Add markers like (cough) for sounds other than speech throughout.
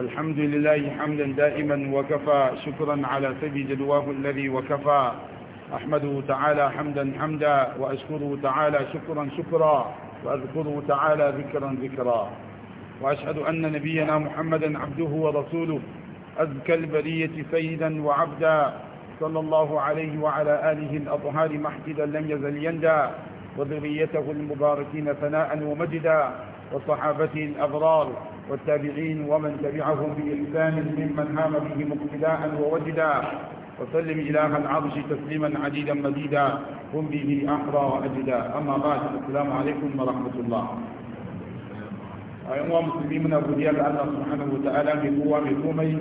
الحمد لله حمدا دائما وكفى شكرا على سبي جدواه الذي وكفى أحمده تعالى حمدا حمدا وأشكره تعالى شكرا شكرا وأذكره تعالى ذكرا ذكرا وأشهد أن نبينا محمدا عبده ورسوله أذكى البرية سيدا وعبدا صلى الله عليه وعلى آله الأطهار محجدا لم يزل يندى وذريته المباركين ثناء ومجدا وصحابته الأبرار والتابعين ومن تبعهم بإحسان ممن هام به مقتداء ووجدا وسلم إله العرش تسليما عديدا مزيدا قم به أحرى وأجدا أما بعد السلام عليكم ورحمة الله أيها المسلمين من أبو ديال الله سبحانه وتعالى بقوة بقومي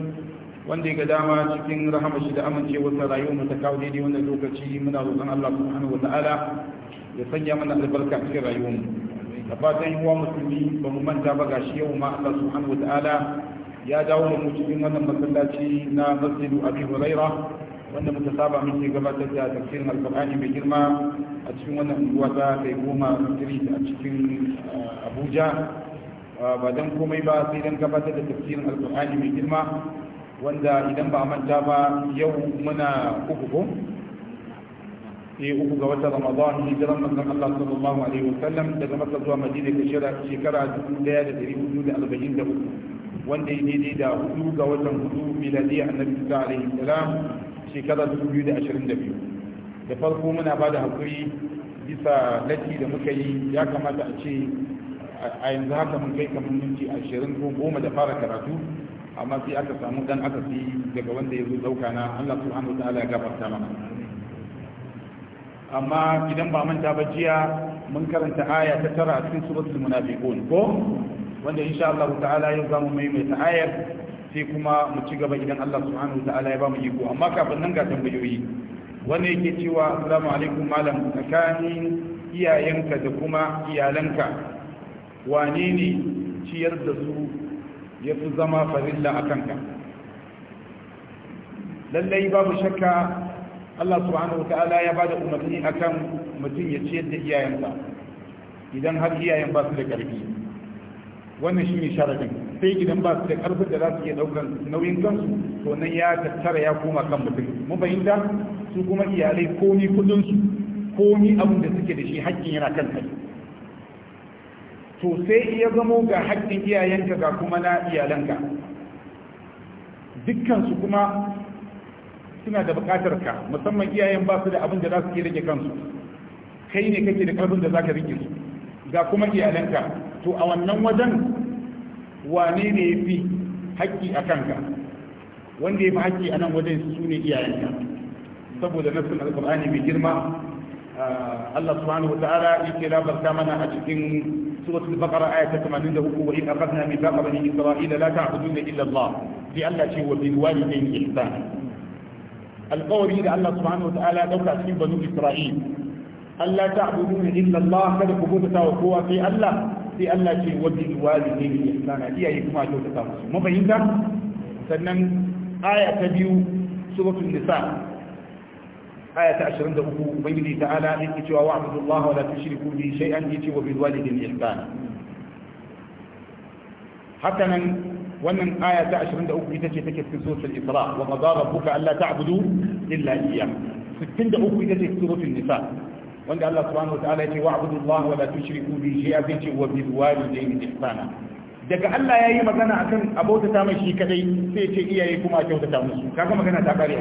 وندي قدامة شكين رحمة شد أمن شيء وصل أيوم تكاودي دي وندوك من الله سبحانه وتعالى يسجى من البركة في أيوم da fatan yi wa musulmi ba mu manta ba ga shi yau ma Allah subhanahu wa ta'ala ya dawo da mu cikin wannan masallaci na masjidu abi huraira wanda muka saba muke gabatar da tafsirin alqur'ani mai girma a cikin wannan unguwa ta kai goma street a cikin uh, abuja uh, ba dan komai ba sai dan gabatar da tafsirin alqur'ani mai girma wanda idan ba a manta ba yau muna kukuku sai uku ga watan ramadan hijiran manzon Allah sallallahu alaihi sallam daga Makka zuwa Madina ta shekara 1443 wanda ya daidai da hudu ga watan hudu miladiya annabi Isa alaihi salam shekara 2022 da farko muna ba da hakuri bisa lati da muka yi ya kamata a ce a yanzu haka mun kai kamar minti ashirin ko goma da fara karatu amma sai aka samu dan aka fi daga wanda ya zo dauka na Allah subhanahu wa ta'ala ya gafarta mana amma idan ba manta ba jiya mun karanta aya ta tara a cikin suratul munafiqun ko wanda insha Allah ta'ala yau zamu maimaita ayar sai kuma mu ci gaba idan Allah subhanahu ta'ala ya ba mu iko amma kafin nan ga tambayoyi wanda yake cewa assalamu alaikum malam tsakanin iyayenka da kuma iyalanka wane ne ciyar da su ya fi zama farilla a kanka lallai babu shakka Allah subhanahu ta'ala ya bada umarni akan mutum ya ciyar da iyayensa idan har iyayen ba su da karfi wannan shine sharadin sai idan ba su da karfi da za su iya daukan nauyin kansu to nan ya tattara ya koma kan mutum mun fahimta su kuma iyalai komi kudin su komi abin da suke da shi haƙƙin yana kan kai to sai iya zamo ga haƙƙin iyayenka ga kuma na iyalanka dukkan su kuma suna da bukatar ka musamman iyayen ba su da abin da za su iya rike kansu kai ne kake da karfin da zaka rike su ga kuma iyalanka to a wannan wajen wane ne ya fi haƙƙi a kanka wanda ya fi haƙƙi a nan wajen su ne iyayenka saboda nassin alƙur'ani mai girma ah, Allah subhanahu wa ta'ala yake labarta mana a cikin suratul baqara aya ta 83 wa in akhadna mithaqa bani isra'ila la ta'buduna illa Allah bi Allah ce wa bil walidayni ihsana alƙawari da Allah subhanahu wataala ya cikin banu Isra'il Allah ta'buduna illa Allah kada ku bauta wa kowa sai Allah sai Allah ce wa bil walidayni na iyaye kuma a kyautata musu mu fahimta sannan aya ta biyu suratul nisa aya ta ashirin da uku, ubangiji ta'ala yake cewa wa'budu Allah wa la shai an yi yake wa bil walidayni ihsana hakanan wannan aya ta 23 ita ce take cikin suratul Isra wa qadara rabbuka alla ta'budu illa iyyah 63 ita ce cikin suratul Nisa wanda Allah subhanahu wataala ya ce wa'budu Allah wala la tushriku bihi shay'a sai ce wa bil walidayni ihsana daga Allah yayi magana akan abota ta mai shi kadai sai ce iyaye kuma kyautata musu kaga magana ta kare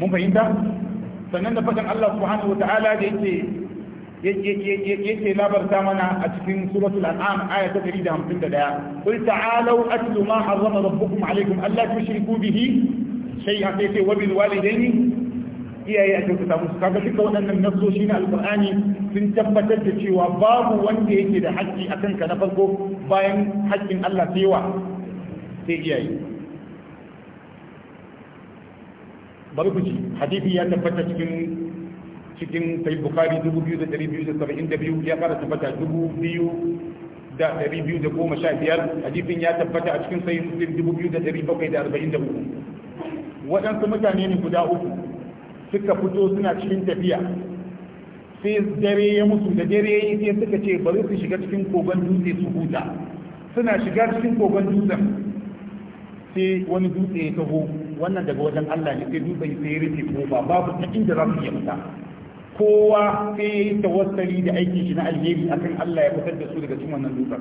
mun fahimta sannan da fadan Allah subhanahu wataala da yake yake labarta mana a cikin suratul an'am aya ta 151 qul ta'alu atlu ma harrama rabbukum alaykum alla tushriku bihi shay'an sai wa bil walidayni iyaye a cikin samu kaga duka waɗannan nasoshi na alqur'ani sun tabbatar da cewa babu wanda yake da haƙƙi akan ka na farko bayan haƙƙin Allah sai wa sai iyaye bari ku ci hadisi ya tabbata cikin cikin sai bukari biyu ya fara tabbata dubu biyu biyu da da sha biyar hadisin ya tabbata a cikin sai muslim 2743 waɗansu mutane ne guda uku suka fito suna cikin tafiya sai dare ya mutu da dare ya yi sai suka ce bari su shiga cikin kogon dutse su huta suna shiga cikin kogon dutsen sai wani dutse ya taho wannan daga wajen Allah ne sai dutsen sai ya rufe ko ba babu ta inda za su iya fita kowa sai ya yi tawassali da aikin shi na alheri akan Allah ya fitar da su daga cikin wannan dukar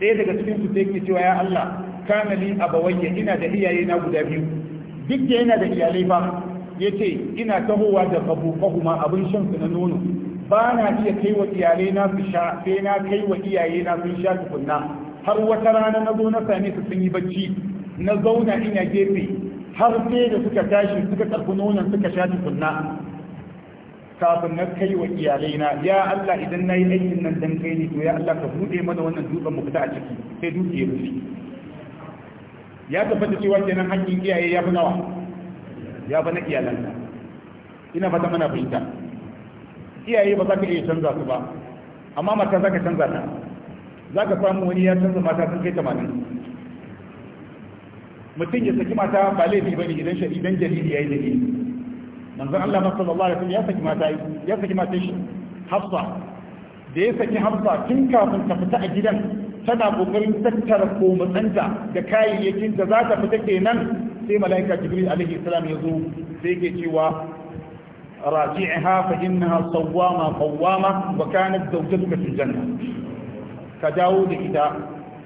ɗaya daga cikin su sai ke cewa ya Allah kana li abawayya ina da iyaye na guda biyu duk da yana da iyalai ba yace ina tahowa da babu abin shan su na nono ba na iya kai wa iyalai na su sha sai na kai wa iyaye na sun sha tukunna har wata rana na zo na same su sun yi bacci na zauna ina gefe har sai da suka tashi suka karfi nonon suka sha tukunna kafin na kai wa iyalaina ya Allah idan na yi aikin nan dan kai ne to ya Allah ka buɗe mana wannan dukan mu fita a ciki sai dutse ya rufe ya tabbata cewa kenan hakkin iyaye ya fi nawa ya fi na iyalanka ina fata mana fahimta iyaye ba za ka iya canza su ba amma mata za ka canza ta za ka samu wani ya canza mata sun kai tamanin mutum ya saki mata ba laifi ba ne idan jariri ya yi dalili manzon Allah sallallahu alaihi ya saki mata ya saki mata shi Hafsa da ya saki Hafsa tun kafin ta fita a gidan tana kokarin tattara komatsanta da kayayyakin da za ta fita kenan sai malaika Jibril alaihi salam ya zo sai yake cewa راجعها فإنها صوامة قوامة وكانت janna. Ka الجنة da لإذا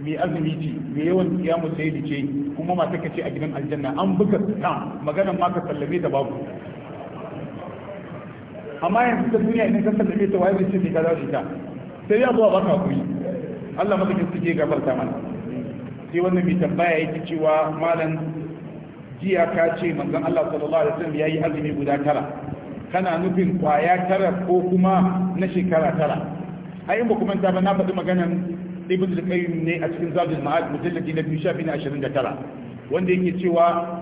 mai azumi ce mai yawan kiyamu sai ce kuma mata kace a gidan aljanna an buga ta maganan ma ka sallame da babu amma yanzu ta duniya idan ka sallame ta wayar ce ka dawo ta sai ya zuwa baka kuri Allah madaukin suke gafarta mana sai wannan mai tambaya yake cewa malam jiya ka ce manzon Allah sallallahu alaihi wasallam yayi azumi guda tara kana nufin kwaya tara ko kuma na shekara tara ai in ba kuma ta ba na faɗi maganan ibn al-qayyim ne a cikin zadul ma'ad mujalladi na tara. wanda yake cewa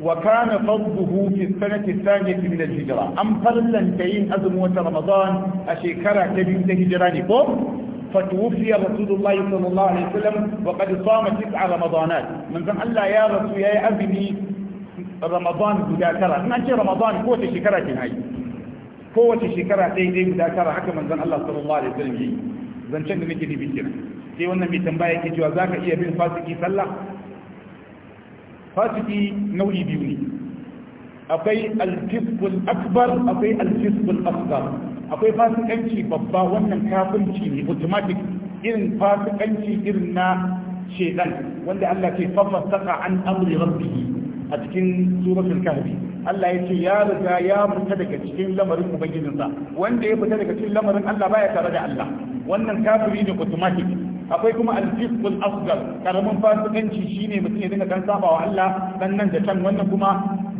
wa kana fadduhu fi sanati thaniyati min al-hijra am fallan tayin a shekara ta biyu ta hijira ne ko fa tuwfiya sallallahu alaihi wasallam wa qad sama tis'a ramadanat man zan Allah ya rasu ya yi azumi ramadan guda tara in an ce ramadan ko wace shekara ke nayi ko wace shekara sai dai guda tara haka man zan Allah sallallahu alaihi wasallam yi zan can da nake dibin kina sai wannan mai tambaya yake cewa zaka iya bin fasiki sallah fasiki nau'i biyu ne akwai alfiskul akbar akwai alfiskul asgar akwai fasikanci babba wannan kafinci ne automatic irin fasikanci irin na shedan wanda Allah ke saka an amri rabbihi a cikin suratul kahfi Allah ya ce ya riga ya fita daga cikin lamarin ubangijinsa wanda ya fita daga cikin lamarin Allah baya tare da Allah wannan kafiri ne automatic akwai kuma al-fisqul asghar karamin fasikanci shine mutum ya dinga kan sabawa Allah dan nan da can wannan kuma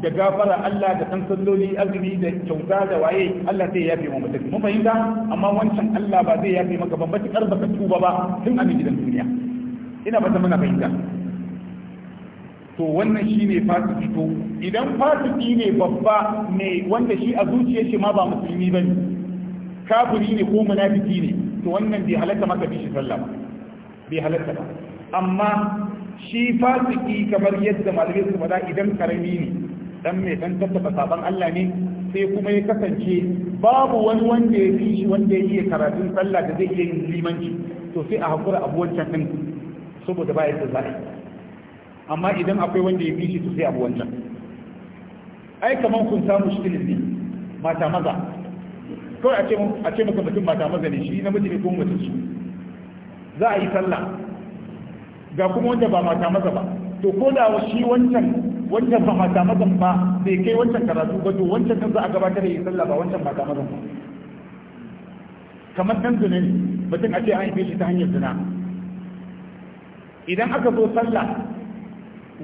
da gafara Allah da san salloli azumi da kyauta da waye Allah zai yafe mu mutum mun fahimta amma wancan Allah ba zai yafe maka ban batakar baka tuba ba tun a gidan duniya ina fata muna fahimta to wannan shine fasiki to idan fasiki ne babba ne wanda shi a zuciyar shi ma ba musulmi bane kafiri ne ko munafiki ne to wannan bai halatta maka bishi sallah ba bai halatta ba amma shi fasiki kamar yadda malamai su faɗa idan karami ne dan mai dan tattaba saban Allah ne sai kuma ya kasance babu wani wanda ya fi shi wanda ya iya karatun sallah da zai iya yin limanci to sai a hakura abu wancan din saboda ba yadda za amma idan akwai wanda ya fi shi to sai abu wancan ai kaman kun samu shirin ne mata maza kawai a ce maka mutum mata maza ne shi namiji ne ko mutum shi za a yi sallah ga kuma wanda ba mata maza ba to ko da shi wancan wancan ba mata masa ba bai kai wancan karatu ba to wancan kan za a gabatar da yi sallah ba wancan mata mazan ba kamar dan zunin ne mutum a ce an yi shi ta hanyar zina idan aka zo sallah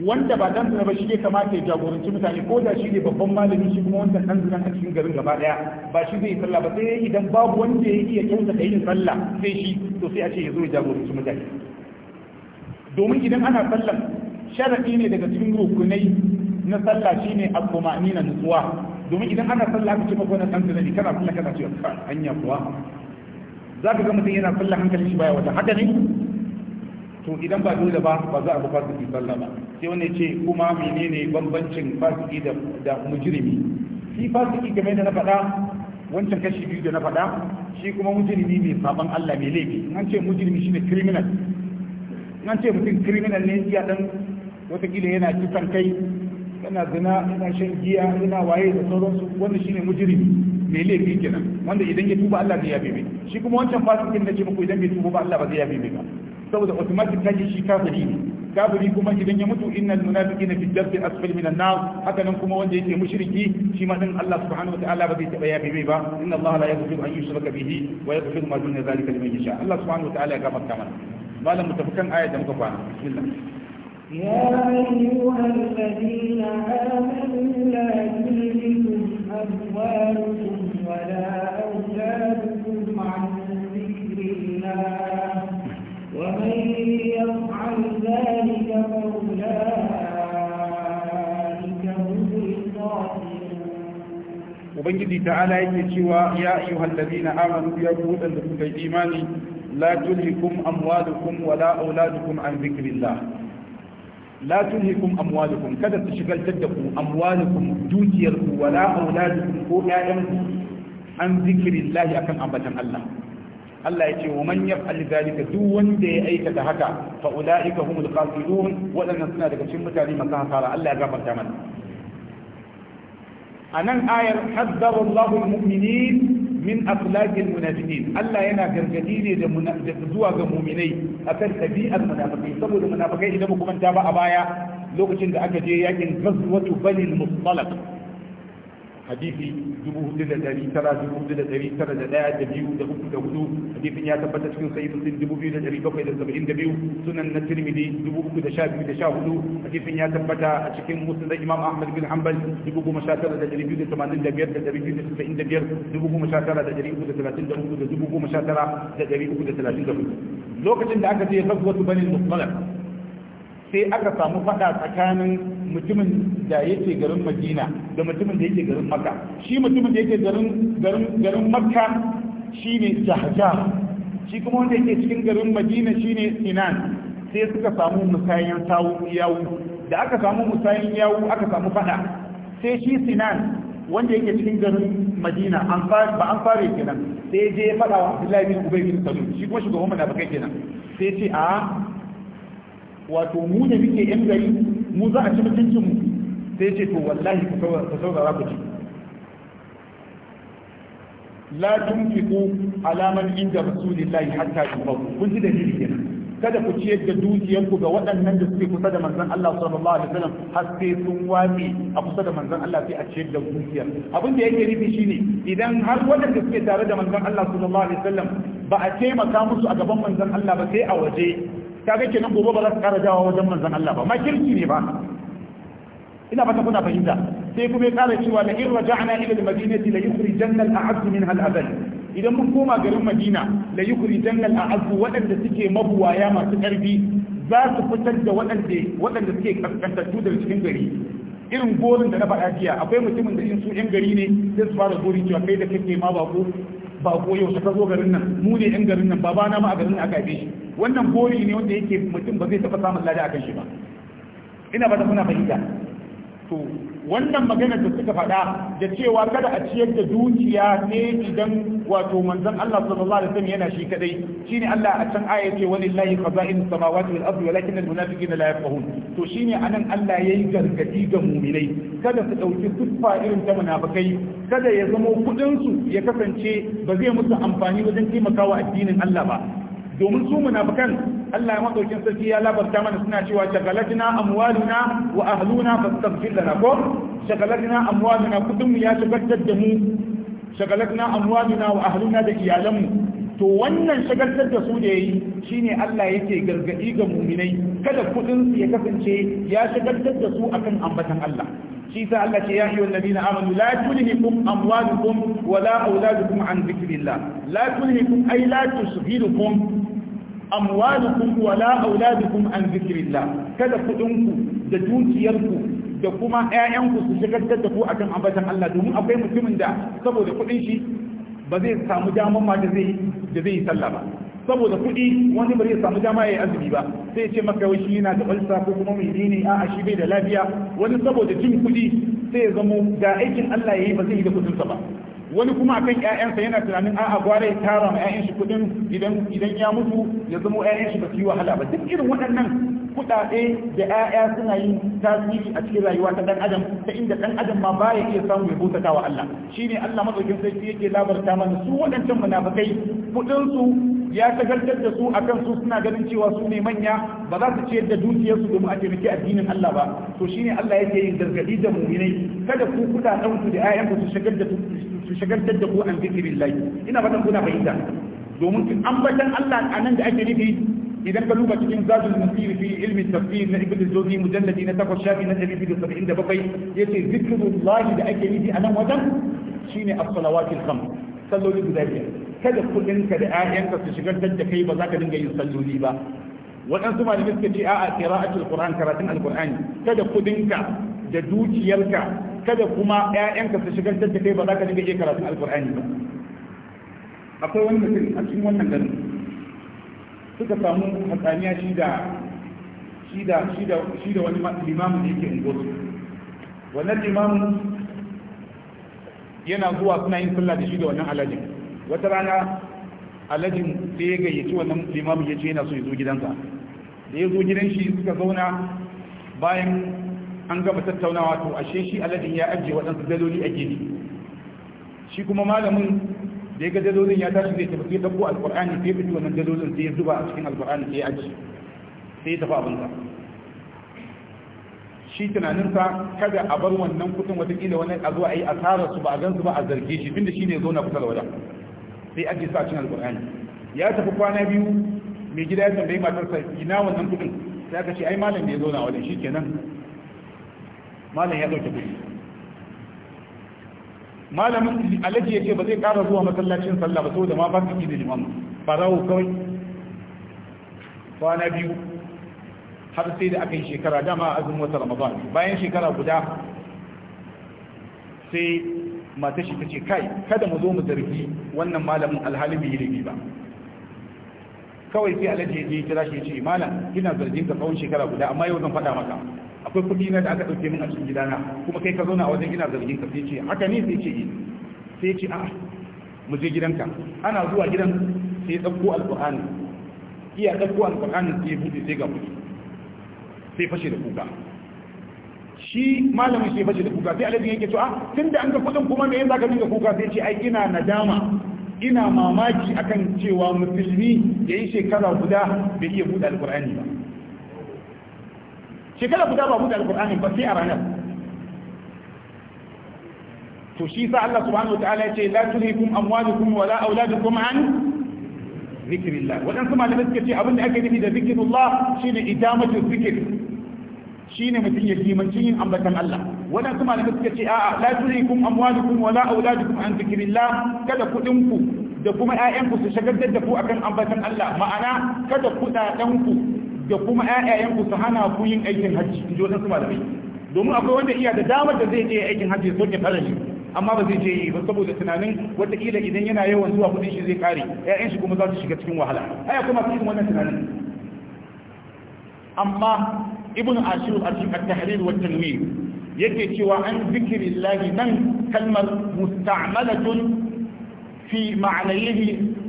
wanda ba dan ba shi ke kamata ya jagoranci mutane ko da shi ne babban malami shi kuma wanda dan zina a cikin garin gaba daya ba shi zai sallah ba sai idan babu wanda ya iya kyanza da yin sallah sai shi to sai a ce ya zo ya jagoranci mutane domin idan ana sallah sharadi ne daga cikin rukunai na sallah shine al-qumanina nutsuwa domin idan ana sallah aka ce maka na dan zina ne kana sallah kana cewa hanya kuwa ka ga mutum yana sallah hankalin shi baya wata haka ne to idan ba dole ba ba za a buƙatar sallah ba sai wani ce kuma menene bambancin fasiki da da mujrimi shi fasiki game da na faɗa wancan kashi biyu da na faɗa shi kuma mujrimi mai saban Allah mai laifi an ce mujrimi shine criminal an ce mutum criminal ne ya dan watakila yana kisan kai yana zina yana shan giya yana waye da sauransu wanda shine mujrimi mai laifi kenan wanda idan ya tuba Allah zai yabe mai shi kuma wancan fasikin da ce muku idan bai tuba ba Allah ba zai yabe mai ba saboda automatic kaji shi kafiri ne kafiri kuma idan ya mutu innal munafiqina fi dabbi asfal min an-nar haka nan kuma wanda yake mushriki shi ma din Allah subhanahu wataala ba zai taba yafi bai ba inna Allah la yaghfiru an yushraka bihi wa yaghfiru ma duna zalika liman yasha Allah subhanahu wataala ya gafarta mana malam mutafakan ayat da muka kwana bismillah يا أيها الذين آمنوا لا تلهكم أموالكم ولا أولادكم ubangiji ta'ala yake cewa ya ayyuhal ladina amanu ya ku wadanda kuka yi imani la tulhikum amwalukum wa la auladukum an zikrillah la tulhikum amwalukum kada ta shigaltar da ku amwalukum dukiyar ku wa la auladukum ko ƴaƴan ku an zikrillah akan ambatan Allah Allah ya ce wa man yaf'al zalika duk wanda ya aikata haka fa ulaika humul khasirun wadannan suna daga cikin mutane masu hasara Allah ya gafarta mana a nan ayar haddara Allahul mu'minin min akhlaqil munafiqin Allah yana gargadi ne da zuwa ga mu'minai akan tabi'ar munafiqai saboda munafiqai idan ba kuma ba a baya lokacin da aka je yakin ghazwatu banil mustalaq hadisi hudu hadisin ya tabbata cikin sahih muslim 2772 sunan na tirmidhi 3214 hadisin ya tabbata a cikin musnad imam ahmad bin hanbal 19285 da 295 da tamanin da da da da da da da da da da da biyar biyar talatin talatin hudu lokacin da aka ce gazwatu bani muttalib sai aka samu fada tsakanin mutumin da yake garin madina da mutumin da yake garin makka shi mutumin da yake garin garin garin makka shine jahja shi kuma wanda yake cikin garin madina ne sinan sai suka samu musayan sawu yawu da aka samu musayan yawu aka samu fada sai shi sinan wanda yake cikin garin madina an ba an fara kenan sai je fada wa abdullahi bin ubay bin salul shi kuma shugaban munafikai kenan sai ce a wato mu ne muke yan gari mu za a ci mutuncin sai ce to wallahi ka saurara ku ci la tunfiqu ala man inda rasulillahi hatta tuqaw kun ji da dalili kenan kada ku ciyar da dukiyar ku ga waɗannan da suke kusa da manzon Allah sallallahu alaihi wasallam har sai sun watsi a kusa da manzon Allah sai a ciyar da dukiyar abin da yake nufi shine idan har waɗanda suke tare da manzon Allah sallallahu alaihi wasallam ba a taimaka musu a gaban manzon Allah ba sai a waje kaga kenan gobe ba za su ƙara jawo wajen manzon Allah ba kirki ne ba ina fata kuna fahimta sai kuma ya ƙara cewa la in raja'na ila al-madinati la yukhrijanna al minha al idan mun koma garin Madina la yukhrijanna al-a'azz waɗanda suke mabuwaya masu ƙarfi za su fitar da waɗanda waɗanda suke kaskantattu daga cikin gari irin gorin da na faɗa jiya akwai mutumin da in su yan gari ne sai su fara gori cewa kai da kake ma bako bako yau ka zo garin nan mu ne yan garin nan babana ma a garin nan aka shi wannan bori ne wanda yake mutum ba zai taɓa samun lada akan shi ba ina ba da muna fahimta to wannan magana da suka faɗa da cewa kada a ciyar da dukiya ne idan wato manzon Allah sallallahu alaihi wasallam yana shi kadai shine Allah a can aya ce walillahi khaza'in samawati wal ardi walakin al munafiqina la yafqahun to shine anan Allah yayi gargadi ga mu'minai kada su dauki siffa irin ta munafikai kada ya zama kudin su ya kasance ba zai musu amfani wajen taimakawa addinin Allah ba domin su munafikan Allah ya madaukin sarki ya labarta mana suna cewa shagalatina amwaluna wa ahluna fastaghfir lana ko shagalatina amwaluna kudin ya shagaltar da mu shagalatina amwaluna wa ahluna da iyalanmu to wannan shagaltar da su da ya yi shi ne Allah yake gargadi ga mu'minai kada kudin su ya kasance ya shagaltar da su akan ambatan Allah shi sa Allah ce ya ayyuhal ladina amanu la tulhikum amwalukum wala auladukum an dhikrillah la tulhikum ay la tusghirukum amwalukum wala auladukum an dhikrillah kada kudinku da dukiyarku da kuma ƴaƴanku su shagaltar da ku akan ambatan Allah domin akwai mutumin da saboda kudin shi ba zai samu damar ma da zai da zai yi sallah ba saboda kuɗi wani ba zai samu dama yi azumi ba sai ce maka wai shi yana da ulsa ko kuma mai dini a a shi bai da lafiya wani saboda jin kuɗi sai ya zamo ga aikin Allah yayi ba zai yi da kuɗin sa ba wani kuma akan ƴaƴansa yana tunanin a'a gware ya tara ma ƴaƴan shi kuɗin idan idan ya mutu ya zama ƴaƴan shi ba su yi wahala ba duk irin waɗannan kuɗaɗe da ƴaƴa suna yin tasiri a cikin rayuwa ta ɗan adam ta inda ɗan adam ma baya iya samu ya bautata wa Allah shine Allah madaukin sarki yake labarta mana su waɗancan munafikai kuɗin su ya tagartar da su akan su suna ganin cewa su ne manya ba za su ciyar da dukiyarsu domin a taimaki addinin Allah ba to shi shine Allah yake yin gargadi da mu'minai kada ku kuɗaɗen ku da ƴaƴan ku su shagar da su shagaltar da ku an zikirillahi ina fatan kuna fahimta domin ambatan Allah a nan da ake nufi idan ka duba cikin zadul musir fi ilmi tafsir na ibnu jawzi mujalladi na takwas shafi na 277 yace zikrullahi da ake nufi a nan wajen shine as-salawatil khams salloli guda biyar kada kullun ka da ayyanka su shigantar da kai ba za ka dinga yin salloli ba waɗansu malamai suka ce a'a qira'atul qur'an karatun Al-Qur'ani. kada kudinka da dukiyarka kada kuma ƴaƴanka su shigar da kai ba za ka dinga iya karatu alqur'ani ba akwai wani mutum a cikin wannan garin suka samu hatsaniya shi da shi da shi da shi da wani limamin da yake unguwarsu wannan limamin yana zuwa suna yin sallah da shi da wannan alajin wata rana alajin sai ya gayyaci wannan limamin ya ce yana so ya zo gidansa da ya zo gidan shi suka zauna bayan an gama tattaunawa to ashe shi aladin ya ajiye waɗansu daloli a gefe shi kuma malamin da ya ga dalolin ya tashi zai tafi ɗauko alƙur'ani sai fito wannan dalolin sai ya zuba a cikin alƙur'ani sai ya ajiye sai ya tafi abin abinsa shi tunaninsa kada a bar wannan kudin watakila wani a zuwa a yi asarar su ba a gansu ba a zarge shi tunda shi ne zo na kusa da wajen sai ajiye su a cikin alƙur'ani ya tafi kwana biyu mai gida ya tambayi matarsa ina wannan kudin sai aka ce ai malam da ya zo na wajen shi kenan malam ya dauke kuɗi malamin alaji ya ce ba zai ƙara zuwa masallacin sallah ba saboda ma ba su da liman farawo kawai kwana biyu har sai da aka yi shekara dama azumin wata ramadan bayan shekara guda sai mata shi ta ce kai kada mu zo mu zargi wannan malamin alhali bai yi ba kawai sai alaji ya je kira shi ya ce malam ina zargin ka tsawon shekara guda amma yau zan faɗa maka akwai kuɗi na da aka ɗauke min a cikin gidana kuma kai ka zauna a wajen ina zargin ka sai ce haka ne sai ce yi. Eh. sai ce a'a mu je gidanka ana zuwa gidan sai ɗauko alƙur'ani iya ɗauko alƙur'ani sai buɗe sai ga kuɗi sai fashe da kuka shi malamin sai fashe da kuka sai alhaji yake to a ah, tunda an ga kuɗin kuma me yasa ka dinga kuka sai ce ai ina nadama ina mamaki akan cewa musulmi da yi shekara guda bai iya buɗe alƙur'ani ba shekara guda ba buɗe alƙur'ani ba sai a ranar to shi sa Allah subhanahu wataala ya ce la tulhikum amwalukum wala auladukum an zikrillah waɗansu malamai suka ce abin da ake nufi da zikrullah shine idamatu zikr shine mutum ya limanci yin ambatan Allah Wadan waɗansu malamai suka ce a'a la tulhikum amwalukum wala auladukum an zikrillah kada kuɗin ku da kuma 'ya'yanku su shagaltar da ku akan ambatan Allah ma'ana kada kuɗaɗen ku da kuma ƴaƴayenku su hana ku yin aikin hajji in ji wasu malamai domin akwai wanda iya da damar da zai je aikin hajji ya soke farali amma ba zai je yi ba saboda tunanin wataƙila idan yana yawan zuwa kuɗin shi zai kare ƴaƴan shi kuma za su shiga cikin wahala ai kuma su yi wannan tunanin amma ibn ashur a cikin tahrir wa tanwir yake cewa an zikrillahi nan kalmar musta'malatun fi ma'anayihi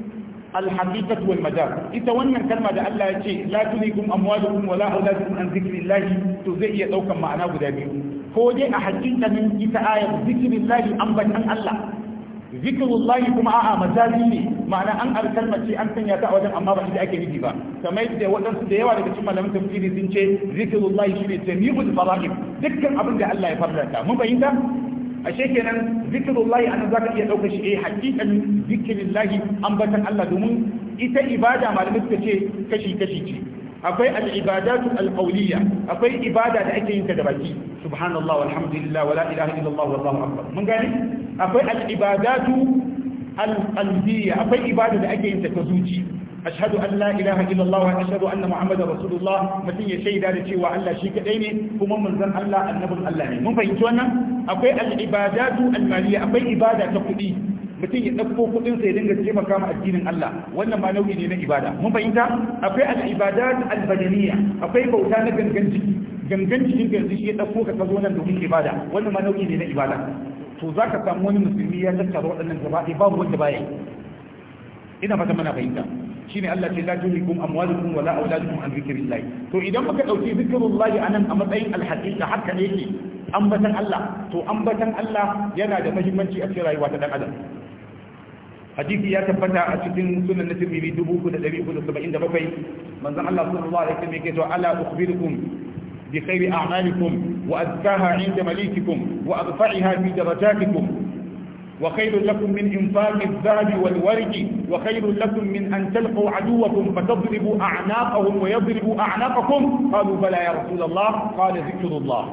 الحقيقه والمجال ita wannan kalma da Allah ya ce la tunikum amwalukum wa la auladukum an to zai iya daukan ma'ana guda biyu ko dai a hakika ne ita ayat zikrillahi an bakan Allah zikrullahi kuma a'a majali ne ma'ana an alkalma ce an sanya ta wajen amma ba shi da ake nufi ba kamar yadda wadansu da yawa daga cikin malamin tafsiri sun ce zikrullahi shi ne jami'ul fara'id dukkan abin da Allah ya farlanta mun bayyana ashe kenan zikirullahi an zaka iya dauka shi eh hakikan zikirullahi ambatan Allah domin ita ibada malamai suka ce kashi kashi ce akwai al-ibadatu al-qawliya akwai ibada da ake yin ta da baki subhanallah walhamdulillah wala ilaha illallah wallahu akbar mun gane akwai al-ibadatu al-qalbiyya akwai ibada da ake yin ta ta ashhadu an la ilaha illallah wa ashhadu anna muhammadar rasulullah mutum ya shaida da cewa Allah shi kadai ne kuma manzon Allah annabin Allah ne mun fahimci wannan akwai al-ibadatu al-maliyya akwai ibada ta kuɗi mutum ya ɗauko kuɗin sai dinga taimaka ma addinin Allah wannan ma nau'i ne na ibada mun fahimta akwai al-ibadat al-badaniyya akwai bauta na gangan jiki gangan jikin ka yanzu shi ya ɗauko ka zo nan domin ibada wannan ma nau'i ne na ibada to za ka samu wani musulmi ya tattara waɗannan gaba ɗaya babu wanda baya ina fata mana fahimta shine Allah ce la tuhikum amwalukum wala auladukum an zikrillah to idan muka dauki zikrullah anan a matsayin alhaqiqa haka ne yake ambatan Allah to ambatan Allah yana da muhimmanci a cikin rayuwa ta dan adam hadisi ya tabbata a cikin sunan nabi 3377 manzon Allah sallallahu alaihi wasallam yake to ala ukhbirukum بخير أعمالكم وأزكاها عند مليككم وأرفعها في درجاتكم وخير لكم من إنفاق الذهب والورق وخير لكم من أن تلقوا عدوكم فتضربوا أعناقهم ويضربوا أعناقكم قالوا بلى يا رسول الله قال ذكر الله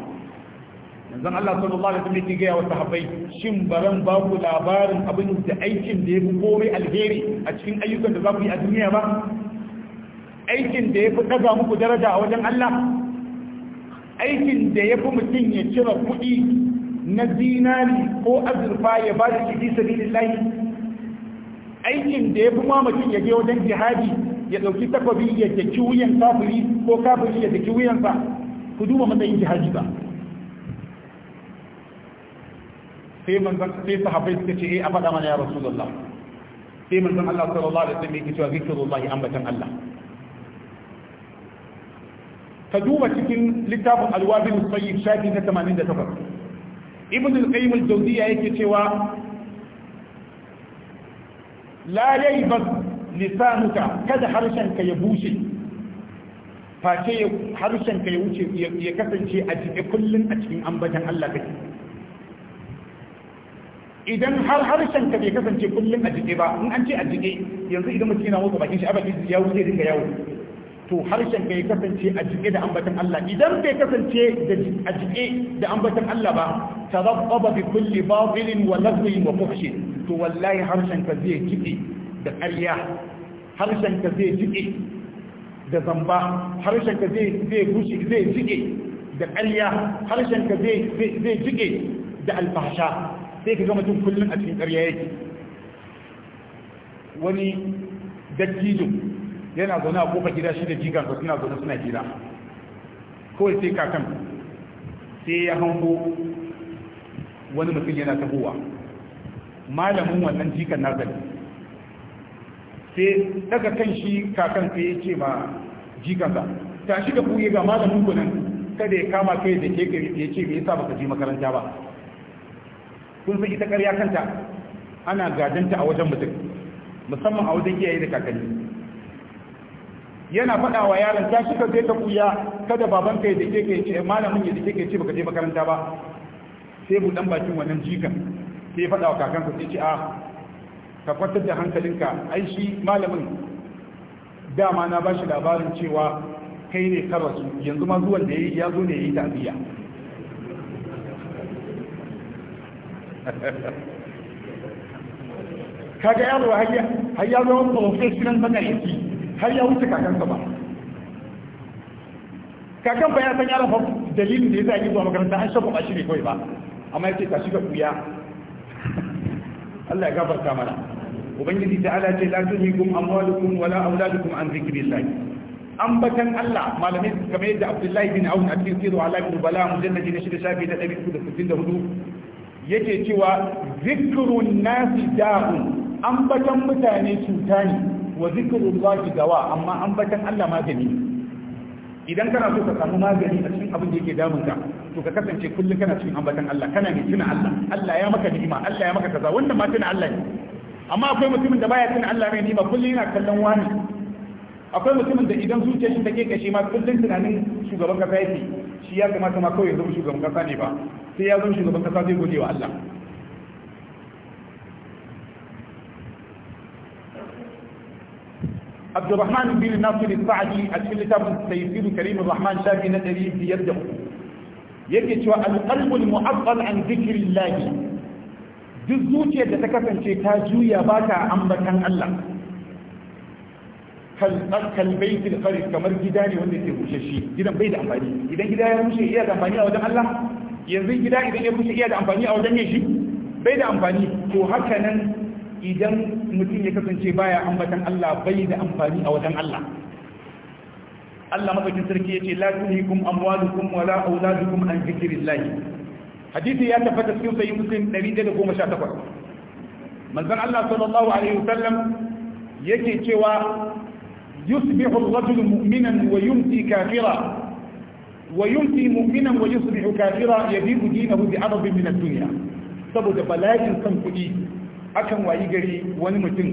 yanzan Allah sallallahu alaihi wasallam gaya wa sahabbai shin baran ba ku labarin abin aikin da yafi komai alheri a cikin ayyukan da za ku yi a duniya ba aikin da yafi muku daraja a wajen Allah aikin da yafi mutum ya cira kuɗi na zinari ko azurfa ya ba da shi sabilillahi aikin da ya fi ma mutum ya je wajen jihadi ya ɗauki takobi ya jaki wuyan kafiri ko kafiri ya jaki wuyansa ku duba matsayin jihadi ba sai manzon sai sahabbai suka ce eh a faɗa mana ya Allah sai manzon Allah sallallahu alaihi wasallam yake cewa zikrullahi ambatan Allah ka duba cikin littafin alwabin sayyid shafi na 88 ibn al-qayyim al-jawziyya yake cewa la yaiba lisanuka kada harshenka ya bushe face harshenka ya wuce ya kasance a cikin kullun a cikin ambatan Allah kake idan har harshen ka bai kasance kullun a jike ba in an ce a jike yanzu idan mutum yana motsa bakin shi a bakin ya wuce dinka yawo to harshen ka ya kasance a jike da ambatan Allah idan bai kasance a jike da ambatan Allah ba tarabbaba bi kulli filin wa lafzin wa fuhsh to wallahi harshen ka zai jike da ƙarya harshen ka zai jike da zamba harshen ka zai zai gushi zai jike da ƙarya harshen ka zai zai jike da alfahsha sai ka ga mutum kullun a cikin ƙarya yake wani dattijo yana zaune a kofar gida shi da jigan su suna zaune suna gida kawai sai kakan sai ya hango wani mutum yana tahowa malamin wannan jikan na ne sai daga kan shi kakan sai ya ce ma ba ta shi da kuye ga malamin ku nan kada ya kama kai da ke ya ce me yasa baka je makaranta ba kun san ita ƙarya kanta ana gadanta a wajen mutum musamman a wajen iyaye da kakanni yana faɗa wa yaron ta shi ka ta ka kuya kada baban ka ya dake ka ce malamin ya dake ka ce baka je makaranta ba sai bu dan bakin wannan jikan sai faɗa wa kakanka sai ce a ah, ka kwantar da hankalinka ai shi malamin dama na bashi labarin cewa kai ne karasu yanzu ma zuwan da ya zo ne ya yi tafiya (laughs) kaga yaro har ya zama professional magana yake har ya wuce kakansa ba kakan ba ya san ya fa dalilin da ya sa yake zuwa makaranta an shafa ba shi ne kawai ba amma yace ka shiga kuya Allah ya gafarta mana ubangiji ta ala ce la tuhikum amwalukum wala auladukum an zikrillah ambatan Allah malamai kamar yadda Abdullahi bin Aun a cikin sirru ala ibn Bala mujallaji na shida shafi na ɗari da da sittin 364 yake cewa zikrun nasi da'un ambatan mutane cuta ne wa zikrullahi gawa amma an ambatan Allah magani idan kana so ka samu magani a cikin abin da yake damun ka to ka kasance kullum kana cikin ambatan Allah kana ne tuna Allah Allah ya maka ni'ima Allah ya maka kaza wannan ma tuna Allah ne amma akwai mutumin da baya tuna Allah ne ni'ima kullum yana kallon wani akwai mutumin da idan zuciyar shi take kashe ma kullum tunanin shugaban kasa yake shi ya kamata ma kawai ya zama shugaban kasa ne ba sai ya zama shugaban kasa zai gode wa Allah عبد الرحمن بن ناصر السعدي أشكل كتاب سيفيد كريم الرحمن شافي ندري بيده yake cewa alƙalbul mu'azzal an zikirin duk zuciyar da ta kasance ta juya ba ta ambatan Allah kalbal baitul qaris kamar gida ne wanda ke rushe shi gidan bai da amfani idan gida ya rushe iya da amfani a wajen Allah yanzu gida idan ya rushe iya da amfani a wajen ne shi bai da amfani to haka nan idan mutum ya kasance baya ambatan Allah bai da amfani a wajen Allah Allah madaukin sarki yace la tunhikum amwalukum wala auladukum an zikrillah hadisi ya tabbata cikin sahih muslim 118 manzon Allah sallallahu alaihi wasallam yake cewa yusbihu ar-rajul mu'minan wa yumsi kafira wa yumsi mu'minan wa yusbihu kafira yabidu dinahu bi adab min ad-dunya saboda bala'in san kudi akan wayi gari wani mutum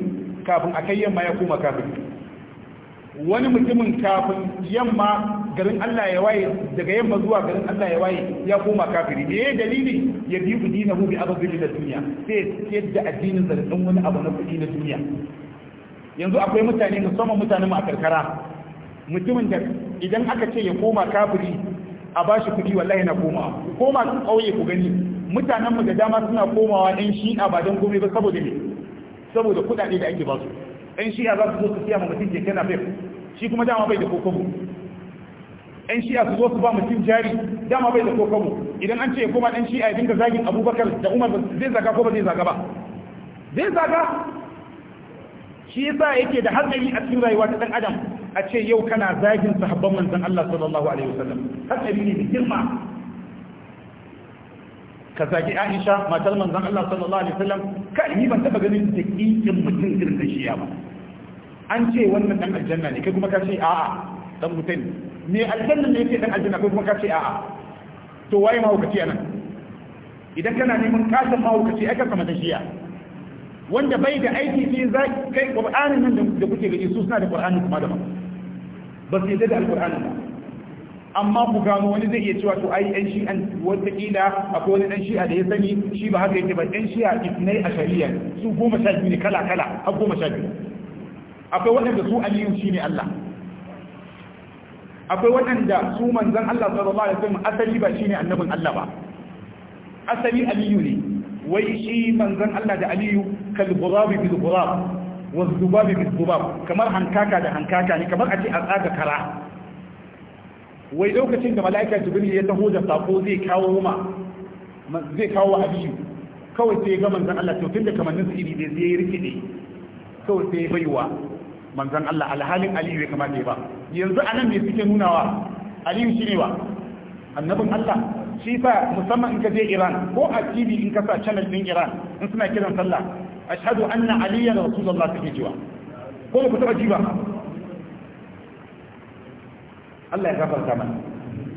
kafin a kai yamma ya koma kafin wani mutumin kafin yamma garin Allah ya waye daga yamma zuwa garin Allah ya waye ya koma kafiri me ya dalili ya bi dina hu bi abdul da duniya sai yadda addinin sa da dan wani abu na kudi na duniya yanzu akwai mutane musamman mutane mu a karkara mutumin da idan aka ce ya koma kafiri a bashi kudi wallahi na koma koma kauye ku gani mutanen mu da dama suna komawa ɗan shi'a ba don komai ba saboda ne saboda kuɗaɗe da ake ba su ɗan shi'a za su zo su siya ma mutum keke na fef shi kuma dama bai da kokobo ɗan shi'a su zo su ba mutum jari dama bai da kokobo idan an ce ya koma ɗan shi'a ya dinga zagin abubakar da umar zai zaga ko ba zai zaga ba zai zaga shi yasa yake da hatsari a cikin rayuwa ta dan adam a ce yau kana zagin sahabban manzon Allah sallallahu alaihi wasallam hatsari ne da girma ka zagi Aisha matar manzon Allah sallallahu alaihi wasallam kai ni ban taba ganin taqiqin mutum irin da shi ba an ce wannan dan aljanna ne kai kuma ka ce a'a dan mutum ne aljanna ne yake dan aljanna kai kuma ka ce a'a to waye ma hukaci anan idan kana neman kasa ma hukaci ai kanka mata shiya wanda bai da aiki sai za kai qur'anin nan da kuke gani su suna da qur'ani kuma da ba ba su yadda da alqur'ani ba amma ku gano wani zai iya cewa to ai ɗan shi an wata kila akwai wani ɗan shi'a da ya sani shi ba haka yake ba ɗan shi'a ibnai a shari'a su goma sha biyu ne kala kala har goma sha biyu akwai waɗanda su aliyu shi ne Allah akwai waɗanda su manzan Allah sallallahu alaihi wasallam asali ba shi ne annabin Allah ba asali aliyu ne wai shi manzan Allah da aliyu kal ghurabi bil ghurab wa dhubabi bil dhubab kamar hankaka da hankaka ne kamar a ce a tsaga kara wai lokacin da mala'ika jibril ya taho da sako zai kawo ma zai kawo abiyu kawai sai ga manzon Allah to tunda kamannin su iri ne sai ya rikide kawai sai baiwa manzon Allah alhalin aliyu ya kamata ya ba yanzu anan me suke nunawa aliyu shine wa annabin Allah shi fa musamman in ka je Iran ko a TV in ka sa channel din Iran in suna kiran sallah ashhadu anna aliyan rasulullah take jiwa ko ku taba jiwa Allah ya gafarta mana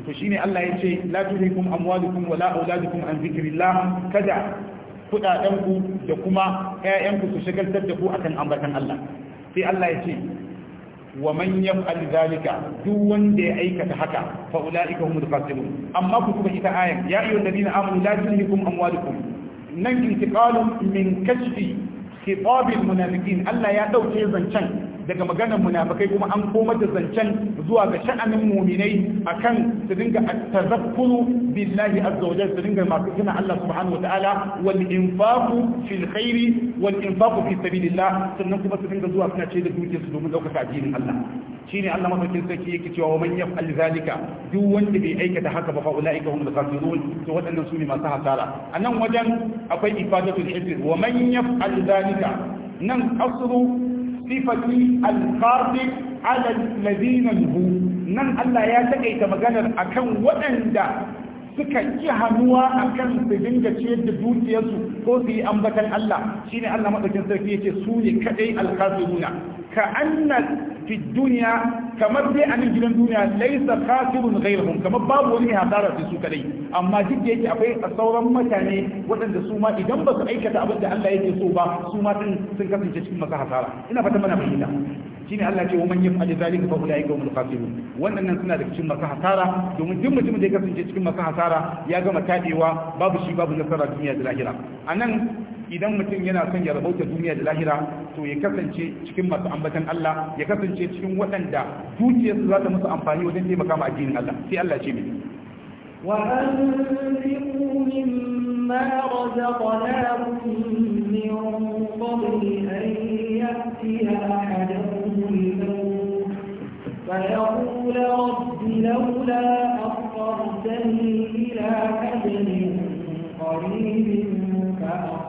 to shine Allah ya ce la tuhikum amwalukum wala auladukum an zikrillah kada kudaden ku da kuma ƴaƴan ku su shagaltar da ku akan ambatan Allah sai Allah ya ce wa man yaf'al dhalika duk wanda ya aikata haka fa ulaika humul fasiqun amma ku kuma ita ayan ya ayyuhal ladina amanu la tuhikum amwalukum nan intiqalun min kashfi khitab al munafiqin Allah ya dauke zancen daga maganar munafakai kuma an koma da zancen zuwa ga sha'anin muminai akan su dinga tazakkuru billahi azza wa jalla su dinga masu tuna Allah subhanahu wa ta'ala wal infaqu fil khairi wal infaqu fi sabilillah sannan kuma su dinga zuwa suna ce da dukiyarsu domin daukaka addinin Allah shine Allah mafakin sarki yake cewa wa man yaf'al zalika duk wanda bai aikata haka ba fa ulaika hum al-khasirun to waɗannan su ne masu hasara anan wajen akwai ifadatul hifz wa man yaf'al zalika nan asru sifati al-fardi hu nan Allah ya ta maganar akan waɗanda suka ki hannuwa akan su dinga ciyar da dukiyarsu ko su yi ambatan Allah shine Allah madaukin sarki yace su ne kadai al-khasiruna ka fi duniya kamar dai a nan gidan duniya laisa khasirun ghairuhum kamar babu wani mai hasara sai su kadai amma duk da yake akwai sauran mutane waɗanda su ma idan ba su aikata abin da Allah yake so ba su ma din sun kasance cikin masa hasara ina fata mana fahimta shine Allah ce wa man yaf'al zalika fa ulaika humul khasirun wannan nan suna da cikin masa hasara domin duk mutumin da ya kasance cikin masa hasara ya gama tadewa babu shi babu nasara duniya da lahira anan idan mutum yana son ya rabauta duniya da lahira to ya kasance cikin masu ambatan Allah ya kasance cikin waɗanda dukiyarsu za ta musu amfani wajen taimaka ma addinin Allah sai Allah ce mai وأنفقوا مما رزقناكم من قبل أن يأتي أحدكم الموت فيقول رب لولا أخرتني إلى أجل قريب فأخرجني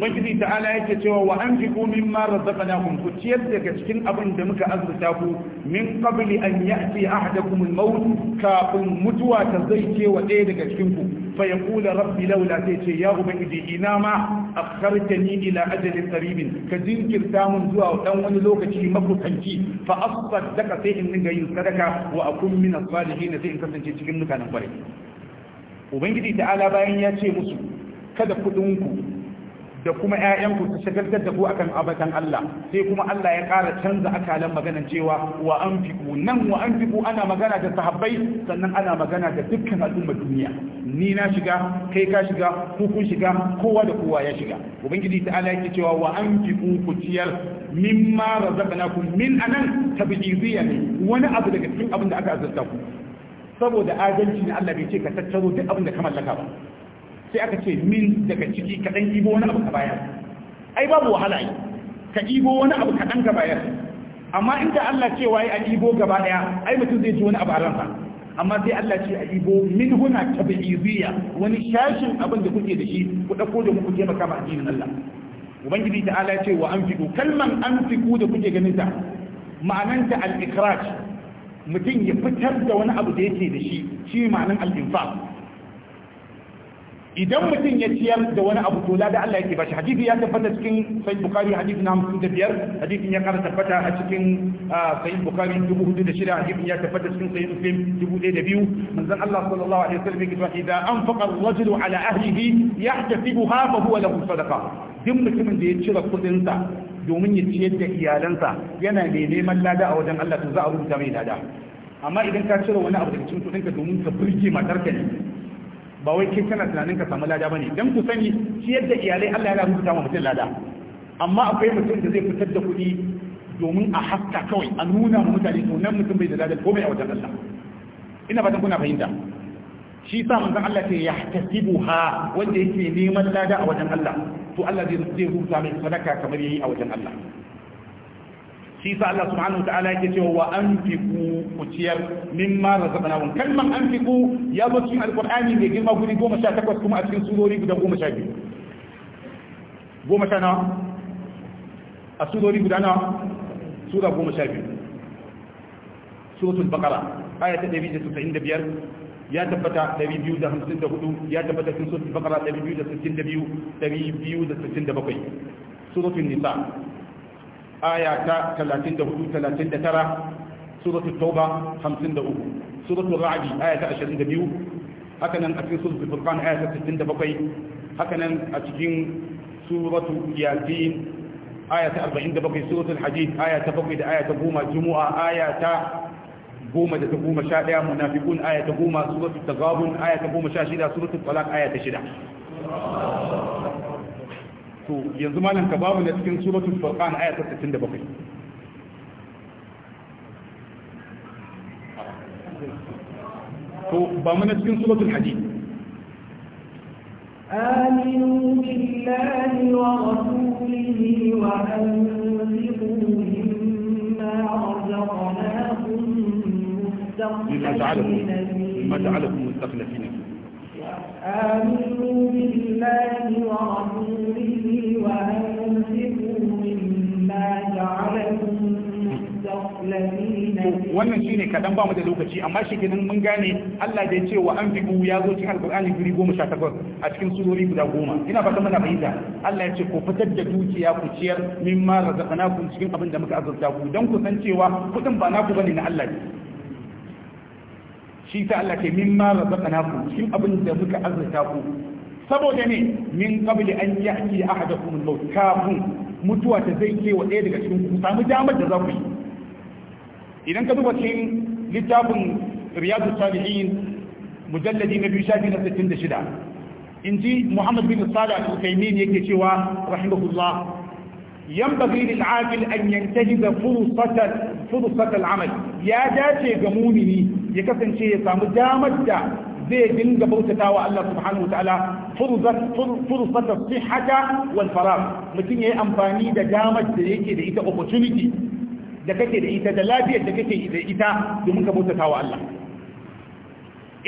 Ubangiji ta'ala yake cewa wa an fiku min ma razaqnakum ku ciyar daga cikin abin da muka azurta ku min qabli an ya'ti ahadakum al-maut kafin mutuwa ta zai ce wa ɗaya daga cikin ku fa yaqulu rabbi laula sai ce ya ubangiji ina ma akhartani ila ajalin qaribin ka jinkirta mun zuwa dan wani lokaci makusanci fa asaddaka sai in dinga yin sadaka wa akun min as-salihin sai in kasance cikin mutanen kwarai ubangiji ta'ala bayan ya ce musu kada kudinku da kuma 'ya'yanku ta shagaltar da ku akan abatan Allah sai kuma Allah ya ƙara canza akalan maganar cewa wa anfiqu nan wa anfiqu ana magana da sahabbai sannan ana magana da dukkan al'umma duniya ni na shiga kai ka shiga ku kun shiga kowa da kowa ya shiga ubangiji ta'ala yake cewa wa anfiqu ku ciyar mimma razaqnakum min anan tabdiziyan wani abu daga cikin abin da aka azurta ku saboda adalci na Allah bai ce ka tattaro duk abin da ka mallaka ba sai aka ce min daga ciki ka dan ibo wani abu ka bayar ai babu wahala yi ka ibo wani abu ka dan ka bayar amma inda Allah ce waye a ibo gaba daya ai mutum zai ji wani abu a ransa amma sai Allah ce a ibo min huna tabi'iyya wani shashin abin da kuke da shi ku dauko da muku taimaka ma addinin Allah ubangiji ta'ala ce wa anfiqu kalman anfiqu da kuke ganin ta ma'ananta al-ikraj mutum ya fitar da wani abu da yake da shi shi ma'anin al-infaq idan mutum ya ciyar da wani abu to da Allah yake bashi hadisi ya tabbata cikin sahih bukhari hadisi na 55 hadisin ya kara tabbata a cikin ah, sahih bukhari 46 hadisin ya tabbata cikin sahih muslim 1002 manzon Allah sallallahu alaihi wasallam yake cewa idan anfaqa ar-rajulu ala ahlihi yahtasibuha fa huwa lahu sadaqa duk mutumin da ya cire kudin sa domin ya ciyar da iyalansa yana mai neman lada a wajen Allah to za a rubuta mai lada amma idan ka cire wani abu daga cikin ka domin ka burge ka ne ba wai ke kana tunanin ka samu lada bane dan ku sani ciyar da iyalai Allah yana rubuta ma mutum lada amma akwai mutum da zai fitar da kuɗi domin a haska kawai a nuna mutane to nan mutum bai da lada komai a wajen Allah ina fatan kuna fahimta shi sa manzon Allah ce yahtasibuha wanda yake neman lada a wajen Allah to Allah zai rubuta mai sadaka kamar yayi a wajen Allah shi sa Allah subhanahu wataala yake cewa wa anfiqu kuciyar mimma razaqnakum kalman anfiqu ya zo cikin alqur'ani mai girma guri 18 kuma a cikin surori guda 12 goma sha nawa a surori guda nawa sura goma sha 12 suratul baqara aya ta 195 ya tabbata 254 ya tabbata cikin suratul baqara 262 267 suratul nisa aya ta 34 39 suratul tauba 53 suratul ra'd aya ta 22 haka a cikin suratul furqan aya ta 67 haka a cikin suratul yasin aya ta 47 suratul hadid aya ta 7 da aya ta 10 jumu'a aya ta goma da ta goma sha ɗaya munafikun aya ta goma suratul tagabun aya ta goma sha shida suratul talaq aya ta shida to yanzu malam ka babu na cikin suratul furqan aya ta 67 to ba mu na cikin suratul hadid آمنوا بالله ورسوله وأنفقوا مما رزقناكم مما جعلكم مما جعلكم مستخلفين آمنوا بالله ورسوله وأنفقوا مما جعلكم wannan shine kadan ba mu da lokaci amma shi kenan mun gane Allah da ya ce wa anfiqu ya zo cikin alqur'ani guri 18 a cikin surori guda 10 ina fata muna fahimta Allah ya ce ku fitar da dukiya ku ciyar mimma razaqnakum cikin abin da muka azurta ku dan ku san cewa kudin ba naku bane na Allah ne shi ta Allah ke mimma razaqnakum shin abin da muka azurta ku saboda ne min qabli an ya'ti ahadakum al-maut kafin mutuwa ta zai kewa ɗaya daga cikin ku samu damar da za ku yi idan ka duba cikin littafin riyadu salihin mujalladi na biyu shafi na sittin da shida in ji muhammad bin sada al-usaimin yake cewa rahimahullah ينبغي للعاقل أن ينتهز فرصة فرصة ya dace ga جموني ya kasance ya samu damar da zai dinga bautata wa Allah subhanahu wa ta'ala fursata sihata wal farar mutum yayi amfani da damar da yake da ita opportunity da kake da ita da lafiyar da kake da ita domin ka bautata wa Allah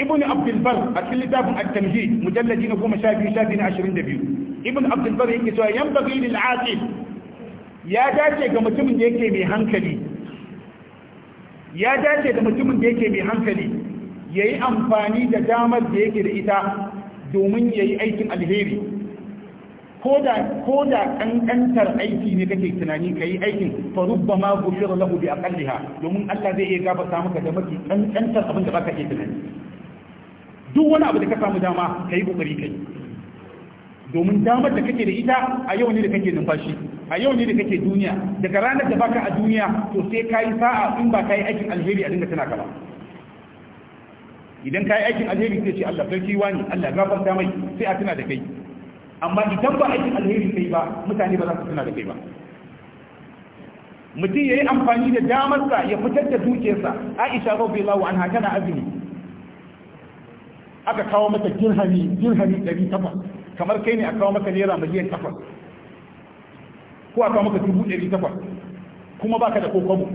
ibn abdul bar a cikin littafin at-tamhid mujalladi na 12 shafi na 22 ibn abdul bar yake cewa yanbaghi lil aqil ya dace ga mutumin da yake mai hankali ya dace da mutumin da yake mai hankali ya yi amfani da damar da yake da ita domin ya yi aikin alheri ko da ƙanƙantar aiki ne kake tunani ka yi aikin farubba ma gushiyar lahu ƙalli ha, domin allah zai iya samu maka da mafi ƙanƙantar abin da ka ke tunani duk wani abu da ka samu dama ka yi ƙoƙari kai domin damar da kake da ita a yau ne da kake numfashi a yau ne da kake duniya daga ranar da baka a duniya to sai ka yi sa'a in ba ka yi aikin alheri a dinga tana ka idan ka yi aikin alheri sai ce Allah sarki wani Allah gafarta mai sai a tuna da kai amma idan ba aikin alheri kai ba mutane ba za su tuna da kai ba mutum ya yi amfani da damarsa ya fitar da dukiyarsa aisha rabbi lawa an haka na azumi aka kawo mata dirhami dirhami 800 kamar kai ne a kawo maka naira miliyan takwas ko a kawo maka dubu ɗari takwas kuma baka da kokobo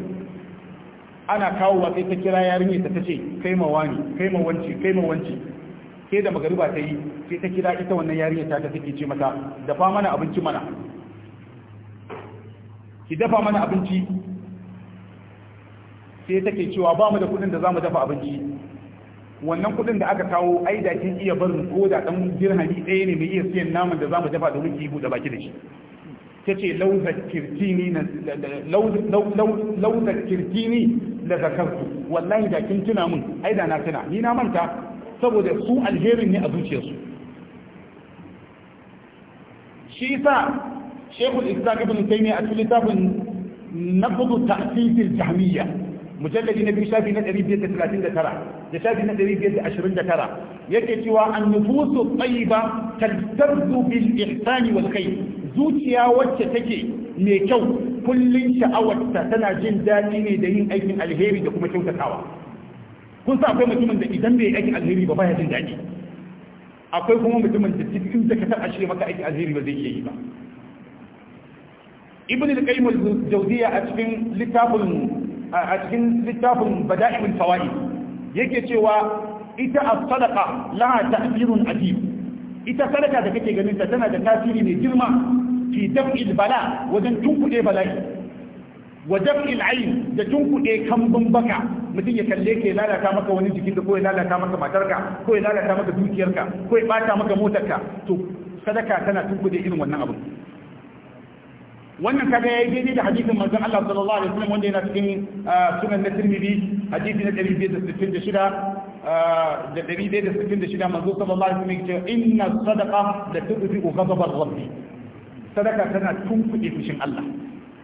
ana kawo wa sai ta kira yarinya ta tace kai ma wani kai ma wanci kai ma wanci sai da magariba ta yi sai ta kira ita wannan yarinya ta ta take ce mata dafa mana abinci mana ki dafa mana abinci sai take cewa ba mu da kudin da za mu dafa abinci wannan kudin da aka kawo ai da kin iya barin ko da dan dirhami ɗaya ne mai iya siyan naman da zamu dafa domin ki da baki da shi Ta ce zakirtini law law law zakirtini la zakartu wallahi da kin tuna min, ai da na tuna ni na manta saboda su alherin ne a zuciyarsu shi sa shekul isaac ibn taymiya a cikin littafin naqdu ta'sis al-jahmiyya mujalladi na biyu shafi na 239 da shafi na ɗari biyar da ashirin da tara yake cewa an nufusu tsayiba taltabzu bil ihsani wal kai zuciya wacce take mai kyau kullum sha'awarta tana jin daɗi ne da yin aikin alheri da kuma kyautatawa kun sa akwai mutumin da idan bai aikin alheri ba baya jin daɗi akwai kuma mutumin da cikin da ka taɓa shi maka aikin alheri ba zai iya yi ba ibn al-qayyim al-jawziyya a cikin littafin a cikin littafin bada'il fawaid yake cewa ita as-sadaqa laha ta'thirun ajib ita sadaka da kake ganin ta tana da tasiri mai girma fi daf'il bala wajen tunkuɗe bala'i wa daf'il ayn da tunkuɗe kambun baka mutum ya kalle ka ya lalata maka wani jikin da ko ya lalata maka matarka ko ya lalata maka dukiyarka ko ya bata maka motarka to sadaka tana tunkuɗe irin wannan abu wannan kaga yayi daidai da hadisin manzon Allah sallallahu alaihi wasallam wanda yana cikin ah, sunan na Tirmidhi hadisi na 566 da 566 ah, manzo sallallahu alaihi wasallam yake inna sadaqa la tudfi ghadab ar-rabb sadaka tana tunkuɗe fushin Allah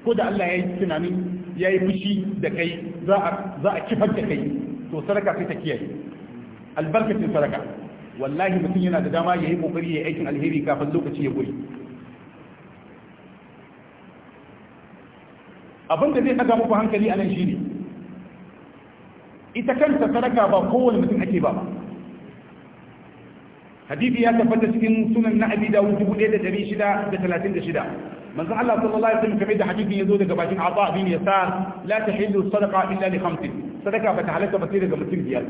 ko da Allah yayi tunani yayi fushi da kai za a za a kifar da kai to sadaka sai ta kiyaye albarkatin sadaka wallahi mutum yana da dama yayi kokari yayi aikin alheri kafin lokaci ya gure abin zai daga muku hankali a nan ne. ita kanta sadaka ba kowane mutum ake ba ba hadisi ya tabbata cikin sunan na abi dawud 1636 manzon Allah sallallahu alaihi wasallam kamar da hadisi yazo daga bakin Abba bin Yasar la tahillu sadaqa illa li khamsi sadaka ba ta halatta ba sai daga mutum biyar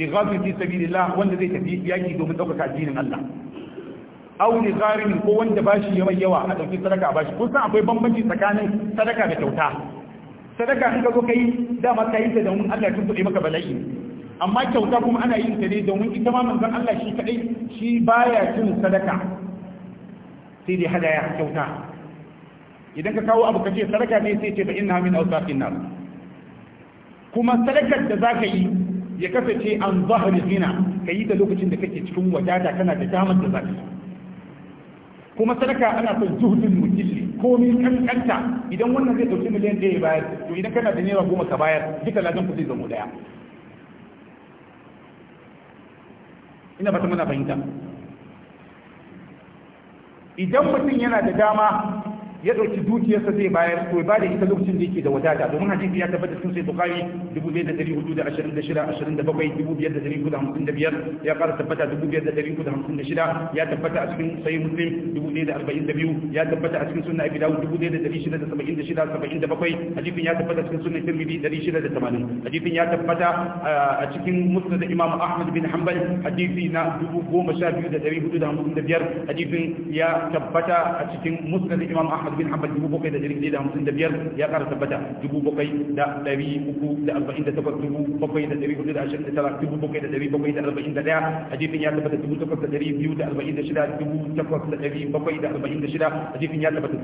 li ghafir fi sabilillah wanda zai tafi yaki domin daukaka addinin Allah auli gharin ko wanda bashi ya yawa a ɗauki sadaka a bashi kusan akwai bambanci tsakanin sadaka da kyauta sadaka in ka zo kai dama ka yi ta domin Allah ya tuntuɓe maka bala'i amma kyauta kuma ana yin ta ne domin ita ma manzon Allah shi kadai shi baya cin sadaka sai dai hadaya kyauta idan ka kawo abu ka ce sadaka ne sai ce ba inna min awsafin nar kuma sadakar da zaka yi ya kasance an zahri zina ka yi ta lokacin da kake cikin wadata kana da damar da zaka yi kuma sadaka ana son zuhudin mujilli komi kankanta idan wannan zai dauki miliyan ɗaya bayar to idan kana da naira goma ka bayar duka lajin kuɗi zai mu daya ina ba ta muna fahimta idan mutum yana da dama ya ɗauki dukiyarsa zai bayar to ba da ita lokacin da yake da wadata domin hadisi ya tabbata sun sai bukari biyar ya fara tabbata shida ya tabbata a cikin sahih muslim biyu ya tabbata a cikin sunna shida saba'in da bakwai hadisin ya tabbata cikin sunna tirmidhi 680 hadisin ya tabbata a cikin musnad imam ahmad bin hanbal hadisi na 12455 hadisin ya tabbata a cikin musnad imam ahmad Ahmad bin Hanbal 7155 ya ƙara tabbata 7349 hadisin ya tabbata 8246 hadisin ya tabbata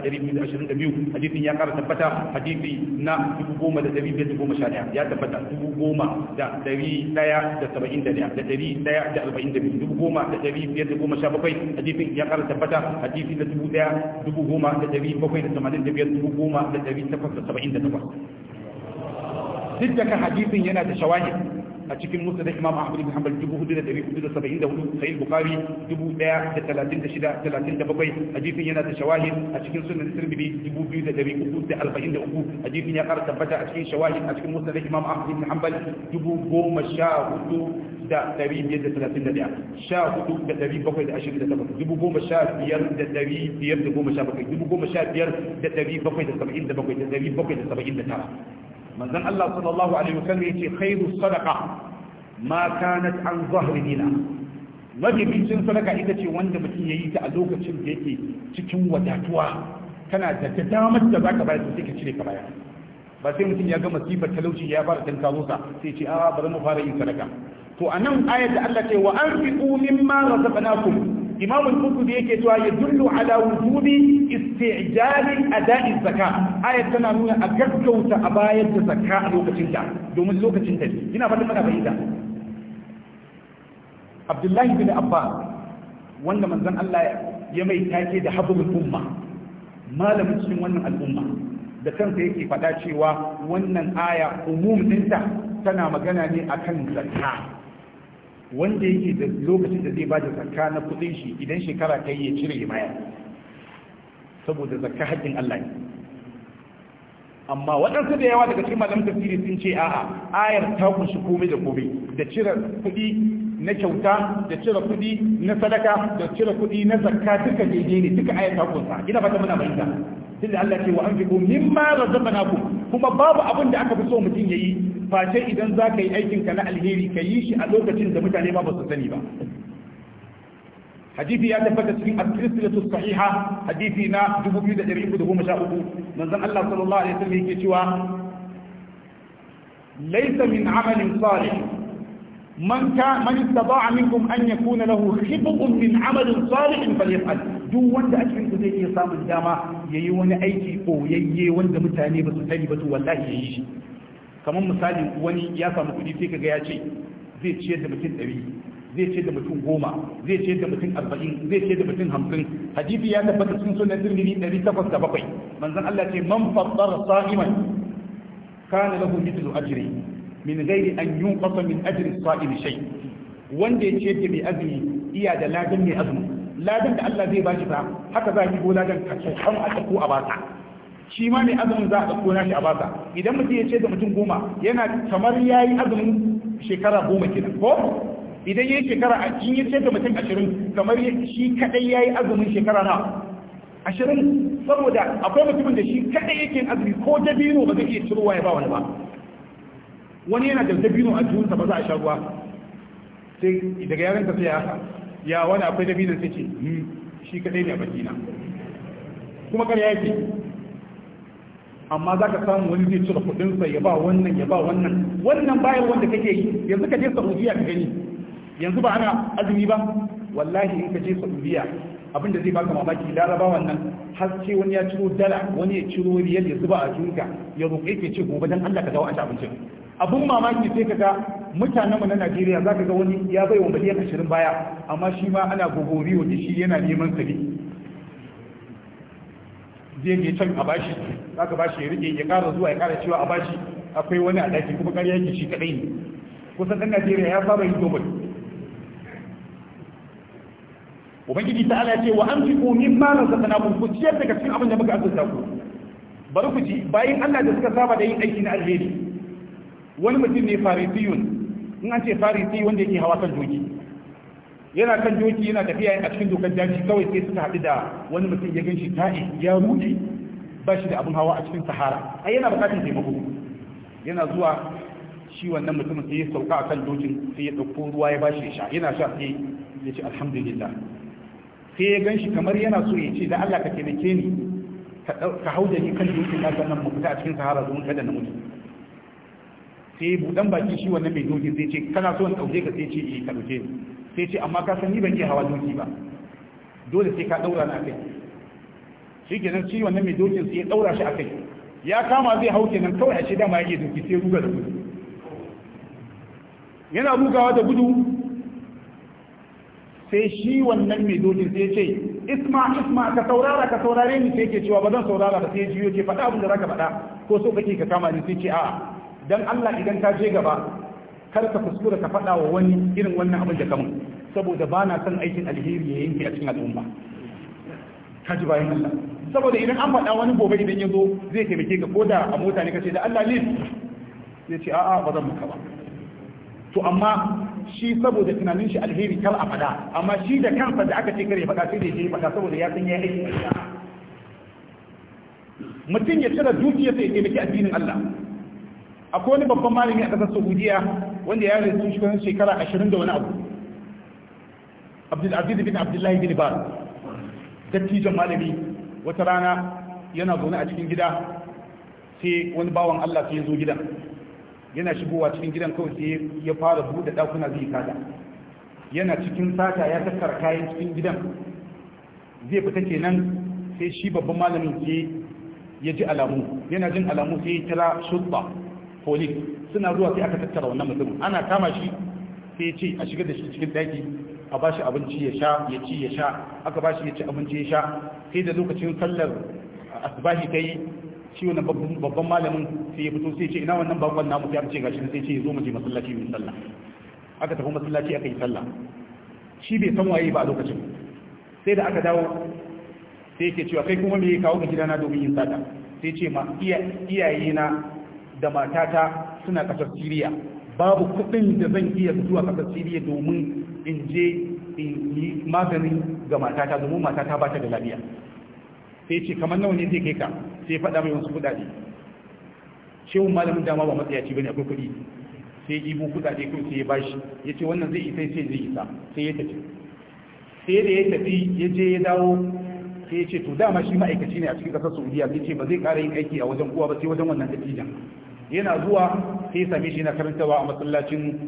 9122 hadisin ya ƙara tabbata hadisi na 10511 ya tabbata 10171 da 142 hadisin ya ƙara tabbata hadisi na dubu daya dubu goma da dari bakwai da tamanin da biyar dubu goma da dari takwas da saba'in da takwas duk daga hadisin yana da shawahid a cikin musa da imam ahmad bin hanbal 4474 sahih bukhari 1036 hadisin yana da shawahid a cikin sunan tirmidhi 2343 hadisin ya kara tabbata a cikin shawahid a cikin musa da imam ahmad bin hanbal 10400 da ɗari biyar da talatin da ɗaya sha hudu da ɗari bakwai da ashirin da takwas dubu goma sha biyar da ɗari biyar da goma sha bakwai dubu goma sha biyar da ɗari bakwai da saba'in da bakwai da ɗari bakwai da saba'in da tara manzon Allah sallallahu alaihi wasallam yace khairu sadaqa ma kanat an zahri dina mafificin sadaka ita ce wanda mutum yi ta a lokacin da yake cikin wadatuwa tana da ta damar da zaka bayar sai ka cire ka bayar ba sai mutum ya ga masifar talauci ya fara tanka sa sai ce a bari mu fara yin sadaka to anan ayat da Allah ce wa anfiqu mimma razaqnakum imamu al-qurtubi yake cewa ya dullu ala wujubi isti'jali ada'i zakka ayat tana nuna a gaggauta a bayar da zakka a lokacin da domin lokacin da ina fatan kana bayyana Abdullahi bin abba wanda manzon Allah ya mai take da habbul umma malamin cikin wannan al'umma da kansa yake faɗa cewa wannan aya umum ɗinta tana magana ne akan zakka wanda yake da lokacin da zai bada zakka na kudin shi idan shekara ta yi ya cire ya bayar saboda zakka haƙƙin Allah ne amma waɗansu da yawa daga cikin malam tafsiri sun ce a'a ayar ta kunshi komai da komai da cire kuɗi na kyauta da cire kuɗi na sadaka da cire kuɗi na zakka duka daidai ne duka ayar ta kunsa ina fata muna bayyana tunda Allah ce wa anfiqu mimma razaqnakum kuma babu abin da aka fi so mutum yayi face idan za ka yi aikin ka na alheri ka yi shi a lokacin da mutane ba ba su sani ba hadisi ya tabbata cikin al-silsilatu sahiha hadisi na 2313 manzon Allah sallallahu alaihi wasallam yake cewa laysa min amalin salih man ka man istata'a minkum an yakuna lahu khifqun min duk wanda a cikin ku zai iya samun dama yayi wani aiki koyayye wanda mutane ba su sani ba to wallahi yayi shi kamar misali wani ya samu kuɗi sai kaga ya ce zai ciyar da mutum ɗari zai ciyar da mutum goma zai ciyar da mutum arba'in zai ciyar da mutum hamsin hadisi ya tabbata cikin sunan tirmidhi ɗari takwas da bakwai manzon Allah ce man faddara kana lahu min gairi an yunqasa min ajri sa'il shai wanda ya ce mai azumi iya da ladan mai azumi ladan da Allah zai bashi fa haka za ki go ladan ka ce kan a ko a basa shi ma mai azumin za a dauko nashi a basa idan mutum ya ce da mutum goma yana kamar ya yi azumin shekara goma kenan ko idan ya yi shekara a in ya ce da mutum ashirin kamar shi kadai yi azumin shekara na ashirin saboda akwai mutumin da shi kadai yake azumi ko dabino ba zai iya cirowa ya ba wani ba wani yana da dabino a jikinsa ba za a sha ruwa sai daga yaran sai ya ya wani akwai dabinon sai ce hmm, shi kadai ne a bakina kuma kar yake amma za ka samu wani zai cire kudinsa ya ba wannan ya ba wannan wannan bayan wanda kake yi yanzu ka je saudiya ka gani yanzu ba ana azumi ba wallahi in ka je saudiya abin da zai baka mamaki laraba wannan har ce wani ya ciro dala wani ya ciro riyal ya zuba a jinka ya roƙe ke ce gobe don Allah ka dawo a abincin abun mamaki sai kaga mutanen mu na Najeriya za ka ga wani ya bai wa miliyan ashirin baya amma shi ma ana gogori wa shi yana neman sa zai je can a bashi za ka bashi ya rike ya kara zuwa ya kara cewa a bashi akwai wani a daki kuma ƙarya yake shi kadai ne kusan ɗan Najeriya ya saba yin dogon Ubangiji ta ala ce wa an fi komin malar sa sana ku ciyar daga cikin abin da muka azurta ku bari ku ji, bayan Allah da suka saba da yin aiki na alheri wani mutum ne farisiyun in an ce farisi wanda yake hawa kan doki yana kan doki yana tafiya a cikin dokar daji kawai sai suka haɗu da wani mutum ya gan shi ta'i ya ruɗe ba shi da abin hawa a cikin sahara ai yana bukatar taimako yana zuwa shi wannan mutum sai ya sauka a kan dokin sai ya ɗauko ruwa ya bashi ya sha yana sha sai ya ce alhamdulillah sai ya gan shi kamar yana so ya ce da Allah ka taimake ni ka hau da ni kan dokin na sannan mu fita a cikin sahara zuwa kada na mutu sai budan baki shi wannan mai doki sai ce kana so in dauke ka sai ce eh ka dauke sai ce amma ka san ni ban iya hawa doki ba dole sai ka daura na kai shi kenan shi wannan mai dokin sai ya daura shi a kai ya kama zai hau kenan kawai a ce dama ya iya doki sai ruga da gudu yana rugawa da gudu sai shi wannan mai dokin sai ce isma isma ka saurara ka saurare ni sai ke cewa ba zan saurara ba sai jiyo ke faɗa abin da zaka faɗa ko so kake ka kama ni sai ce a'a dan Allah idan ka je gaba kar ka kuskura ka faɗa wa wani irin wannan abin da kamun saboda ba na son aikin alheri ya yanke a cikin al'umma ka ji bayan Allah saboda idan an faɗa wani gobe idan ya zo zai taimake ka koda a mota ne kace da Allah ne? zai ce a'a ba zan maka ba to amma shi saboda tunanin shi alheri kar a faɗa amma shi da kansa da aka ce kare faɗa sai da ya faɗa saboda ya san ya aiki mutum ya cire dukiyarsa ya taimaki addinin Allah akwai wani babban malami a ƙasar saudiya wanda ya rasu shi shekara ashirin da wani abu abdulaziz bin abdullahi bin bar malami wata rana yana zaune a cikin gida sai wani bawan allah sai ya zo gidan yana shigowa cikin gidan kawai sai ya fara buɗe dakuna zai kada yana cikin sata ya tattara kayan cikin gidan zai fita kenan sai shi babban malamin sai ya ji alamu yana jin alamu sai ya kira shutba folik suna zuwa sai aka tattara wannan mutumin ana kama shi sai ce a shigar da shi cikin daki a bashi abinci ya sha ya ci ya sha aka bashi ya ci abinci ya sha sai da lokacin sallar asbahi kai shi wannan babban malamin sai ya fito sai ce ina wannan bakon namu sai ce gashi sai ce zo mu je masallaci mu sallah aka tafi masallaci aka yi sallah shi bai san waye ba a lokacin sai da aka dawo sai yake cewa kai kuma me ya kawo ga gidana domin yin sata sai ce ma iyayena. da matata suna kasar siriya babu kudin da zan iya zuwa kasar siriya domin in je in yi magani ga matata domin matata ba ta da lafiya sai ce kamar nawa ne zai kai ka sai faɗa mai wasu kuɗaɗe shehun malamin dama ba matsayaci bane akwai kuɗi sai ibo kuɗaɗe kai sai ya bashi ya ce wannan zai isa sai zai isa sai ya tafi sai da ya tafi ya je ya dawo sai ya ce to dama shi ma'aikaci ne a cikin ƙasar saudiya sai ce ba zai ƙara yin aiki a wajen kowa ba sai wajen wannan dattijan yana zuwa sai ya same shi na karantarwa a masallacin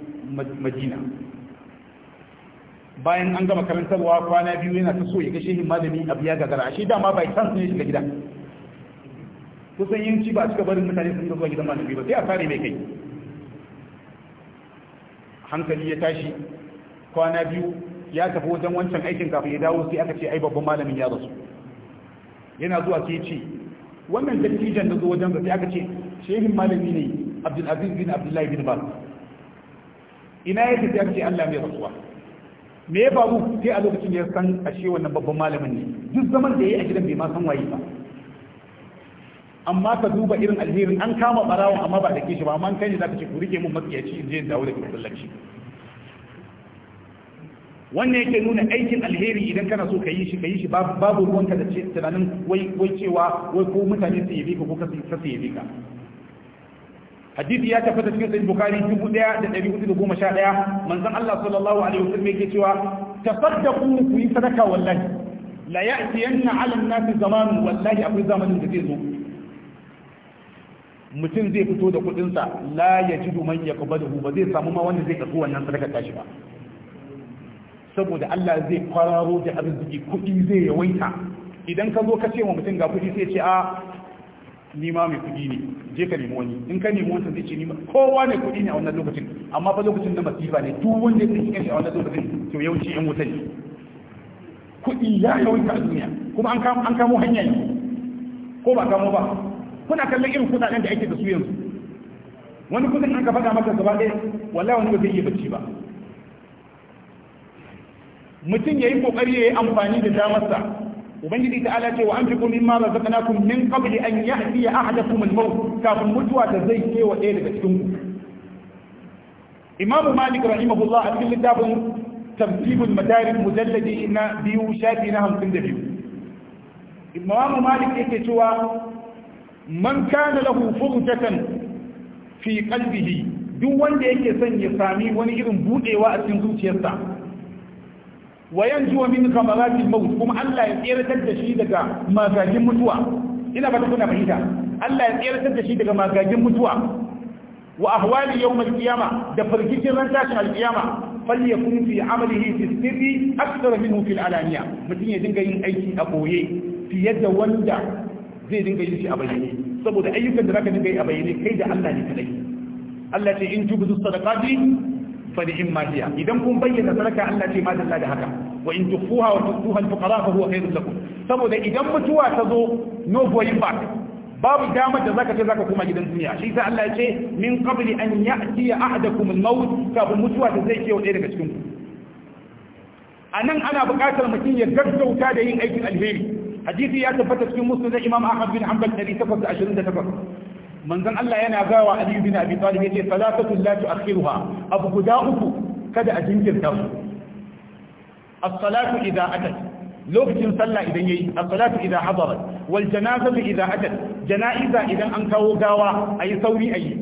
madina bayan an gama karantarwa kwana biyu yana ta so ya ga shehin malami abu ya gagara ashe dama bai san sun shiga gida kusan yin ci ba a cika barin mutane sun zuwa gidan malami ba sai a fare mai kai hankali ya tashi kwana biyu ya tafi wajen wancan aikin kafin ya dawo sai aka ce ai babban malamin ya rasu yana zuwa sai ce wannan dattijan da zo wajen sai aka ce shehin malami ne abdulaziz bin abdullahi bin bas ina ya tafi ce allah mai rasuwa me ya faru sai a lokacin ya san ashe wannan babban malamin ne duk zaman da ya yi a gidan bai ma san waye ba amma ka duba irin alherin an kama barawon amma ba da ke shi ba amma kai ne za ka ce ku rike mun matsiyaci in je in dawo da masallaci wannan yake nuna aikin alheri idan kana so ka yi shi ka yi shi babu ruwanka da tunanin wai cewa wai ko mutane su yabe ka ko ka su yabe ka hadisi ya tabbata cikin sahih bukhari 1411 manzon Allah sallallahu alaihi wasallam yake cewa tasaddaqu ku yi sadaka wallahi la ya'tiyanna 'ala an-nasi zaman wallahi akwai zamanin da zai zo mutum zai fito da kudin sa la yajidu man yaqbaluhu ba zai samu ma wanda zai karbi wannan sadaka tashi ba saboda Allah zai kwararo da arziki kudi zai yawaita idan ka zo ka ce wa mutum ga kudi sai ce a ni ma mai kuɗi ne je ka nemi wani in ka nemi wani zai ce ni ma kowa ne kuɗi ne a wannan lokacin amma fa lokacin na masifa ne duk wanda ya tsinci kanshi a wannan lokacin to yawanci yan wuta ne kuɗi ya yawaita a duniya kuma an kamo an kamo hanya ne ko ba kamo ba kuna kallon irin kudaden da ake da su yanzu wani kudin an ka faɗa maka gaba ɗaya wallahi wani ba zai iya bacci ba mutum ya yi ƙoƙari ya yi amfani da damarsa ubangiji ta ala ce wa anfiqu mimma razaqnakum min qabli an ya'tiya ahadakum al-maut kafin mutuwa ta zai ke wa ɗaya daga cikin ku imamu malik rahimahullah a cikin littafin tamtibul madarik mujalladi na biyu shafi na hamsin da biyu imamu malik yake cewa man kana lahu furjatan fi qalbihi duk wanda yake son ya sami wani irin budewa a cikin zuciyarsa wa yanju min kamarati maut kuma Allah ya tseratar da shi daga magagin mutuwa ina ba ta kuna fahimta Allah ya tseratar da shi daga magagin mutuwa wa ahwali yawm al-qiyama da farkikin ran tashin al-qiyama falyakun fi amalihi fi sirri akthar minhu fi al-alaniya Mutum ya dinga yin aiki a boye fiye da wanda zai dinga yin shi a bayyane saboda ayyukan da zaka dinga yi a bayyane kai da Allah ne kadai Allah ce in tubu sadaqati fa mafiya idan kun bayyana sadaka Allah ce ma dalla da haka wa in tukhuha wa tukhuha al-fuqara fa huwa khairul lakum saboda idan mutuwa ta zo no going back babu damar da zaka ce zaka koma gidan duniya shi sai Allah ya ce min qabli an ya'ti ahadakum al-maut kafin mutuwa ta zai kewa ɗaya daga cikin ku anan ana buƙatar mutum ya gaggauta da yin aikin alheri hadisi ya tabbata cikin musnad Imam Ahmad bin Hanbal 1828 manzon Allah yana gawa Ali bin Abi Talib yace salatu la tu'akhiruha abu guda uku kada a jinkirta su as-salatu idza atat lokacin sallah idan yayi as-salatu idza hadarat wal janazatu idza atat janaiza idan an kawo gawa ayi sauri ayi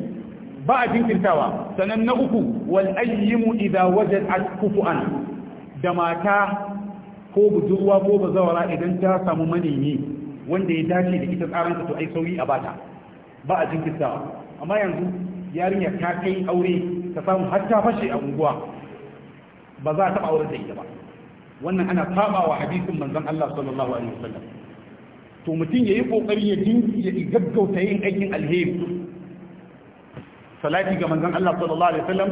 ba a jinkirtawa sanan na uku wal ayyimu idza wajadat kufuan da mata ko budurwa ko bazawara idan ta samu manemi wanda ya dace da ita tsaranta to ai sauri a bata ba a jinkirta amma yanzu yarinya ta kai aure ta samu har ta fashe a unguwa ba za ta aure da ita ba wannan ana saba wa hadisin manzon Allah sallallahu alaihi wasallam to mutum yayi kokari ya jinki ya gaggauta yin aikin alheri salati ga manzon Allah sallallahu alaihi wasallam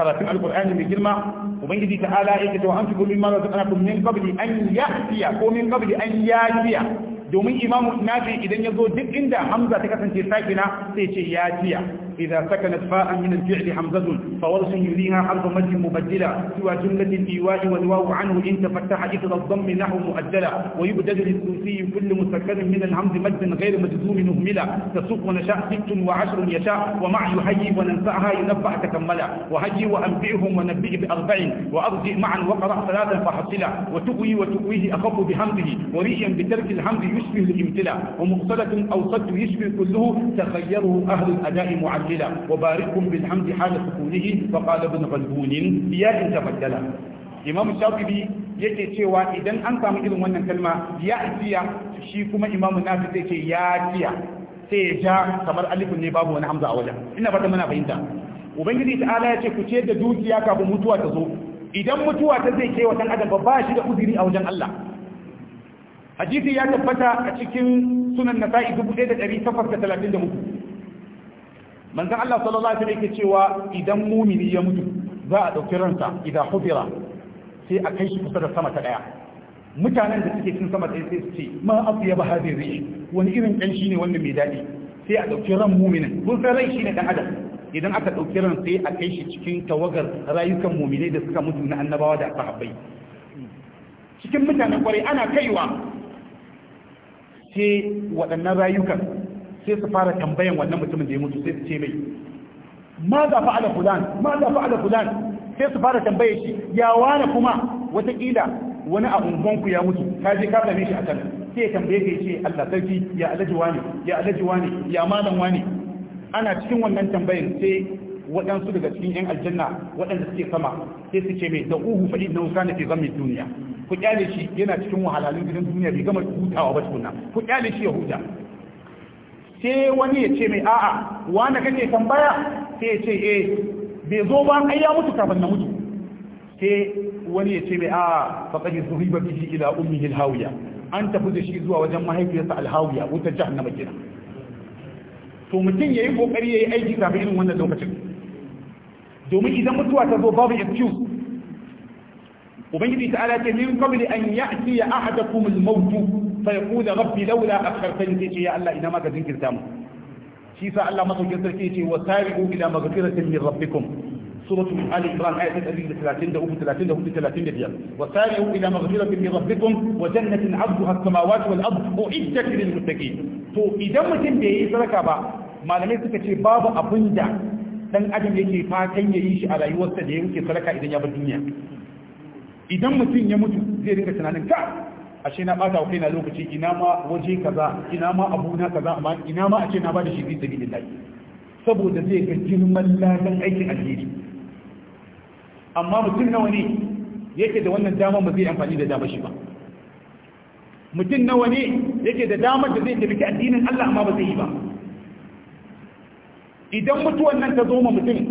karatun alqur'ani mai girma ubangiji ta'ala yake to an tubu mimma razaqnakum min qabli an yahtiya ko min qabli an yahtiya domin imamu nafi idan ya zo duk inda hamza ta kasance sakina sai ce ya jiya إذا سكنت فاء من الفعل حمزة فورس يليها حرف مد مبدلا سوى جملة الإيواء والواو عنه إن تفتح إثر الضم نحو مؤدلا ويبدل للثلثي كل مسكن من الهمز مدا غير مجزوم مهملا تسوق ونشاء ست وعشر يشاء ومع يحيي وننفعها ينبع تكملا وهجي وأنبئهم ونبئ بأربع وأرجع معا وقرأ ثلاثا فحصلا وتقوي وتقويه أخف بهمزه وريئا بترك الهمز يشبه الامتلا ومقصدة أو صد يشبه كله تخيره أهل الأداء معجلا تبدلا وباركهم بالحمد حال سكونه فقال ابن غلبون يا تبدلا الشافعي yake cewa idan an samu irin wannan kalma ya ajiya shi kuma imamu nafi sai ce ya ajiya sai ya ja kamar alifin ne babu wani hamza a wajen ina fata muna fahimta ubangiji ta'ala ya ce ku ce da dukiya kafin mutuwa ta zo idan mutuwa ta zai ke dan adam ba shi da uzuri a wajen Allah hadisi ya tabbata a cikin sunan nasa'i 1834 manzon Allah sallallahu alaihi wasallam yake cewa idan mumini ya mutu za a dauki ransa idan hufira sai a kai shi kusa da sama ta daya mutanen da suke cin sama da sai su ce ma afiya ba hadin wani irin kanshi ne wanda mai daɗi, sai a dauki ran muminin kun san rai shine dan idan aka dauki ran sai a kai shi cikin tawagar rayukan muminai da suka mutu na annabawa da sahabbai cikin mutanen kwarai ana kaiwa sai waɗannan rayukan sai su fara tambayan wannan mutumin da ya mutu sai su ce mai ma za fa ala fulan ma za fa ala fulan sai su fara tambaye shi ya wani kuma wataƙila wani abun ungonku ya mutu ka je ka same shi a kan sai ya tambaye ka ce Allah sarki ya alaji wani ya alaji wani ya malam wani ana cikin wannan tambayin sai waɗansu daga cikin 'yan aljanna waɗanda suke sama sai su ce mai da uhu faɗi na wuka na fi zama duniya ku kyale shi yana cikin wahalalun gidan duniya bai gama hutawa ba tukuna ku kyale shi ya huta sai wani ya ce mai a'a wanda kake tambaya sai ya ce eh bai zo ba ai ya mutu kafin na mutu sai wani ya ce mai a'a faqad zuriba bihi ila ummihi alhawiya an tafi da shi zuwa wajen mahaifiyarsa alhawiya wutar jahannama kenan to mutum yayi kokari yayi aiki kafin irin wannan lokacin domin idan mutuwa ta zo babu excuse ubangiji ta ala ce min qabli an ya'ti ahadakum al-maut فيقول ربي لولا أخرتني تيجي يا الله إذا ما قد ذكر تام شيء الله ما تقول تركيتي وسارعوا إلى مغفرة من ربكم سورة آل عمران آية 30 30 30 35 وسارعوا إلى مغفرة من ربكم وجنة عرضها السماوات والأرض أعدت للمتقين تو إذا متن بي سركا با malamai suka ce babu abin da dan adam yake fatan ya yi shi a rayuwarsa da ya wuce sadaka idan ya bar duniya idan mutum ya mutu zai rinka tunanin ka ashe na bata kai na lokaci ina ma waje kaza ina ma abu na kaza amma ina ma a ce na bada shi fi sabilillah saboda zai ga girman ladan aikin alheri amma mutum nawa ne yake da wannan dama ba zai amfani da dama shi ba mutum nawa ne yake da damar da zai tafi addinin Allah amma ba zai yi ba idan mutuwan nan ta zo ma mutum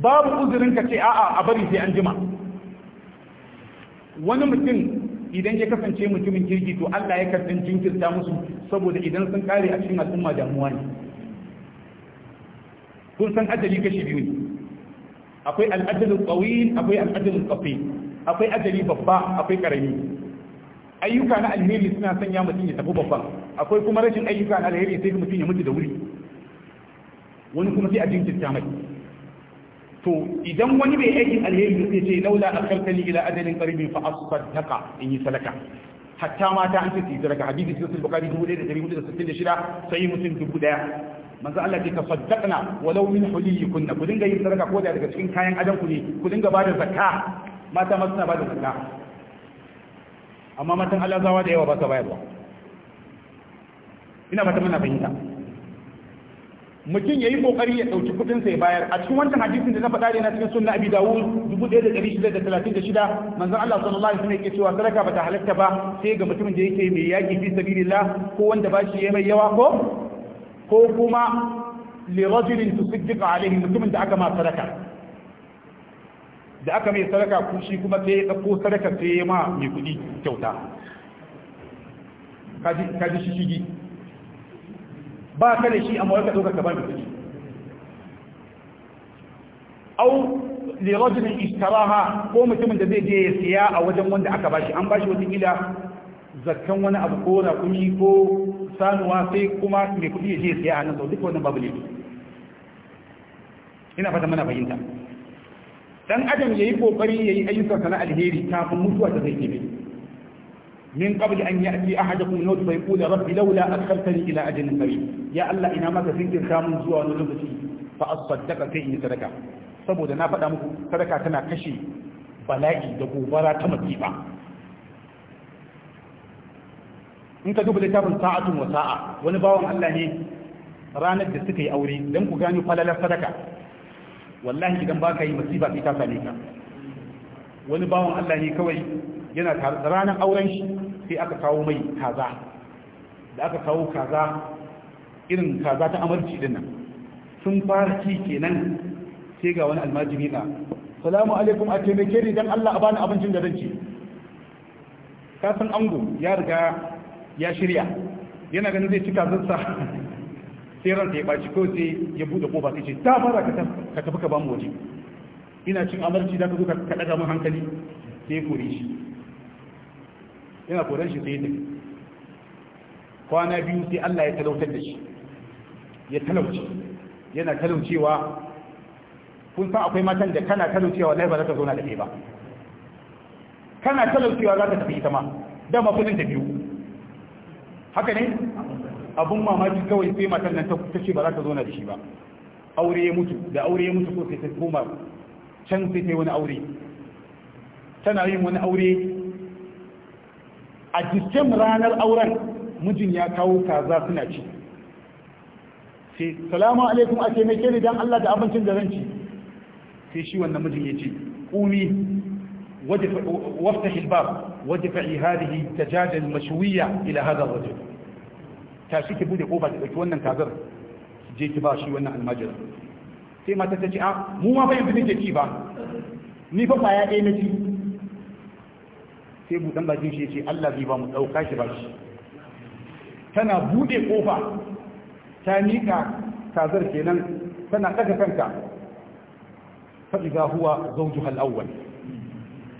babu uzurin ka ce a'a a bari sai an jima wani mutum idan ya kasance mutumin kirki to Allah ya karɓi jinkirta musu saboda idan sun kare a cikin al'umma damuwa ne kun san ajali kashi biyu ne akwai al'ajalin tsawil akwai al'ajalin tsafi akwai ajali babba akwai karami ayyuka na alheri suna sanya mutum ya tafi babba akwai kuma rashin ayyuka na alheri sai mutum ya mutu da wuri wani kuma sai a jinkirta mai to idan wani bai aikin alheri sai ce laula akartani ila ajalin qaribin fa asaddaqa in yi sadaka hatta mata an ce su sadaka hadisi sai bukhari 1466 sai mutum dubu daya manzo Allah ke tasaddaqna walau min huliyikunna ku dinga yin sadaka ko da daga cikin kayan adan ku ne ku dinga ba da zakka mata ma suna da zakka amma matan Allah zawa da yawa ba ta bayarwa ina mata muna fahimta mutum ya yi kokari ya ɗauki kuɗin sai bayar a cikin wancan hadisin da na faɗa na cikin sunna abi dawud dubu ɗaya da ɗari shida da talatin da shida manzon Allah sallallahu alaihi wasallam yake cewa sadaka bata halatta ba sai ga mutumin da yake mai yaki fi sabilillah ko wanda ba shi mai yawa ko ko kuma li rajulin tusaddiqa alaihi mutumin da aka ma sadaka da aka mai sadaka ku shi kuma sai ya ɗauko sadaka sai ya ma mai kuɗi kyauta kaji kaji shishigi ba ka da shi amma wai ka ɗauka ka ba da kuɗi au lirajin istaraha ko mutumin da zai je ya siya a wajen wanda aka bashi an bashi wata gida zakkan wani abu ko rakumi ko sanuwa sai kuma mai kudi ya je ya siya a nan sau duk wannan babu ne ina fata mana fahimta dan adam yayi kokari yayi ayyuka kana alheri kafin mutuwa ta zai kebe min qabli an ya'ti ahadakum al-maut fa yaqulu rabbi laula akhartani a ajalin qarib ya Allah ina maka zikirin kamun zuwa wani lokaci fa asaddaka kai in sadaka saboda na faɗa muku sadaka tana kashe bala'i da gobara ta in ka duba littafin sa'atun wa sa'a wani bawan Allah ne ranar da suka yi aure don ku gano falalar sadaka wallahi idan ba ka yi masifa sai ta same ka wani bawan Allah ne kawai yana ranar auren shi sai aka kawo mai kaza da aka kawo kaza irin kaza ta amarci din nan sun fara ci kenan sai ga wani almajiri na salamu alaikum a taimake ni dan Allah a bani abincin da zan ci ka san ango ya riga ya shirya yana ganin zai ci kazansa sai ran ya baci ko sai ya bude kofa sai ce ta fara ka tafi ka bamu waje ina cin amarci da ka zo ka daga mun hankali sai ya kore shi yana koran shi sai ya tafi kwana biyu sai Allah ya talautar da shi ya talauce yana talaucewa kun san akwai matan da kana talaucewa lai ba za ta zauna da kai ba kana talaucewa za ta tafi ita ma dama kudin ta biyu haka ne abun mamaki kawai sai matan nan ta ce ba za ta zauna da shi ba aure ya mutu da aure ya mutu ko sai ta koma can sai ta yi wani aure tana yin wani aure a jikin ranar auren mijin ya kawo kaza suna ci sai salamu alaikum a taimake ni dan Allah da abincin da zan ci sai shi wannan mijin ya ce qumi وافتح الباب وادفعي هذه الدجاجة Ila إلى waje. Ta shi ki bude kofa ta ɗauki wannan kazar je ki ba shi wannan almajiri sai mata ta ce a ah, mu ma ba yanzu nake ci ba ni fa kwaya ɗaya na ci sai buɗan bakin shi ce Allah zai ba mu ɗauka shi ba shi tana buɗe ƙofa ta miƙa kazar kenan tana ɗaga kanka fa'iza huwa zauju hal'awwal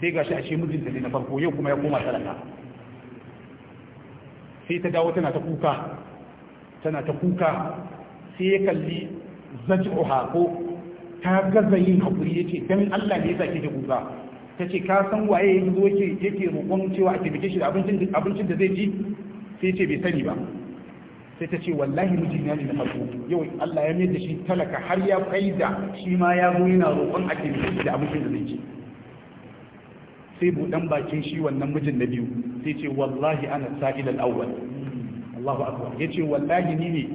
sai ga shi a ce mijinta ne na farko yau kuma ya koma talaka sai ta dawo tana ta kuka tana ta kuka sai ya kalli zaj'uha ko ta gaza yin haƙuri ya ce don Allah ne ya sa da kuka ta ce ka san waye yanzu yake yake roƙon cewa a taimake shi abincin abincin da zai ji sai ce bai sani ba sai ta ce wallahi mijina ne na farko yau Allah ya mai da shi talaka har ya faida shi ma ya zo yana roƙon a taimake shi da abincin da zai ji sai buɗan bakin shi wannan mijin na biyu sai ce wallahi ana sa'il al-awwal Allahu akbar yace wallahi ni ne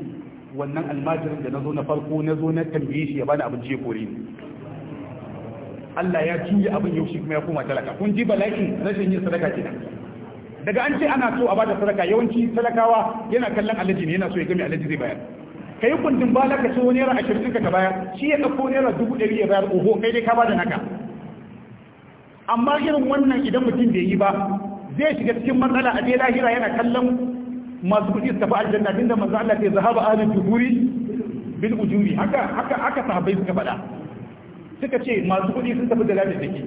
wannan almajirin da nazo na farko nazo na tambaye shi ya bani abinci ya kore ni Allah ya juya abin yau shi kuma ya koma talaka kun ji bala'i rashin yin sadaka kenan daga an ce ana so a bada sadaka yawanci talakawa yana kallon alaji ne yana so ya gami alaji zai bayar kai kundin bala ka so naira ashirin ka bayar shi ya ɗauko naira dubu ɗari ya bayar oho kai dai ka bada naka amma irin wannan idan mutum bai yi ba zai shiga cikin matsala a dai lahira yana kallon masu kuɗi tafi aljanna tunda manzo Allah ya zahaba ahli juhuri bil ujuri haka haka haka sahabbai suka faɗa suka ce masu kuɗi sun tafi da lafiya take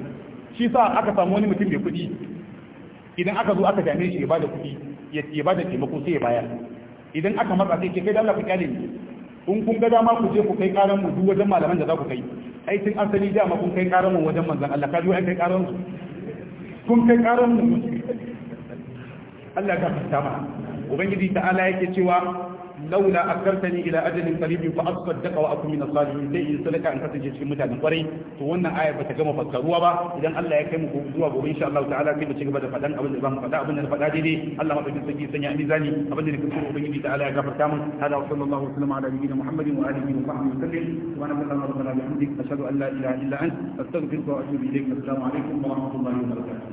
shi sa aka samu wani mutum mai kuɗi idan aka zo aka dame shi ya bada kuɗi ya bada taimako sai ya bayar idan aka matsa sai ke kai da Allah ku kyale ni kun kun ga dama ku je ku kai karan mu duk wajen malaman da za ku kai ai tun an sani dama kun kai karan mu wajen manzon Allah ka ji ai kai karan su kun kai karan mu Allah ka fata ma ubangiji ta'ala yake cewa launa akartani ila ajalin qaribin fa asaddaqa wa akun min as-salihin sai in sadaka an kasance cikin mutanen kwarai to wannan ayar bata gama fassaruwa ba idan Allah ya kai mu zuwa gobe insha Allah ta'ala sai mu ci gaba da fadan abin da za mu faɗa abin da faɗa daidai Allah madaukakin sarki sanya mizani abin da kuma ubangiji ta'ala ya gafarta mun hada wa sallallahu alaihi wa sallam muhammadin wa alihi wa sahbihi sallim wa ana an la ilaha illa anta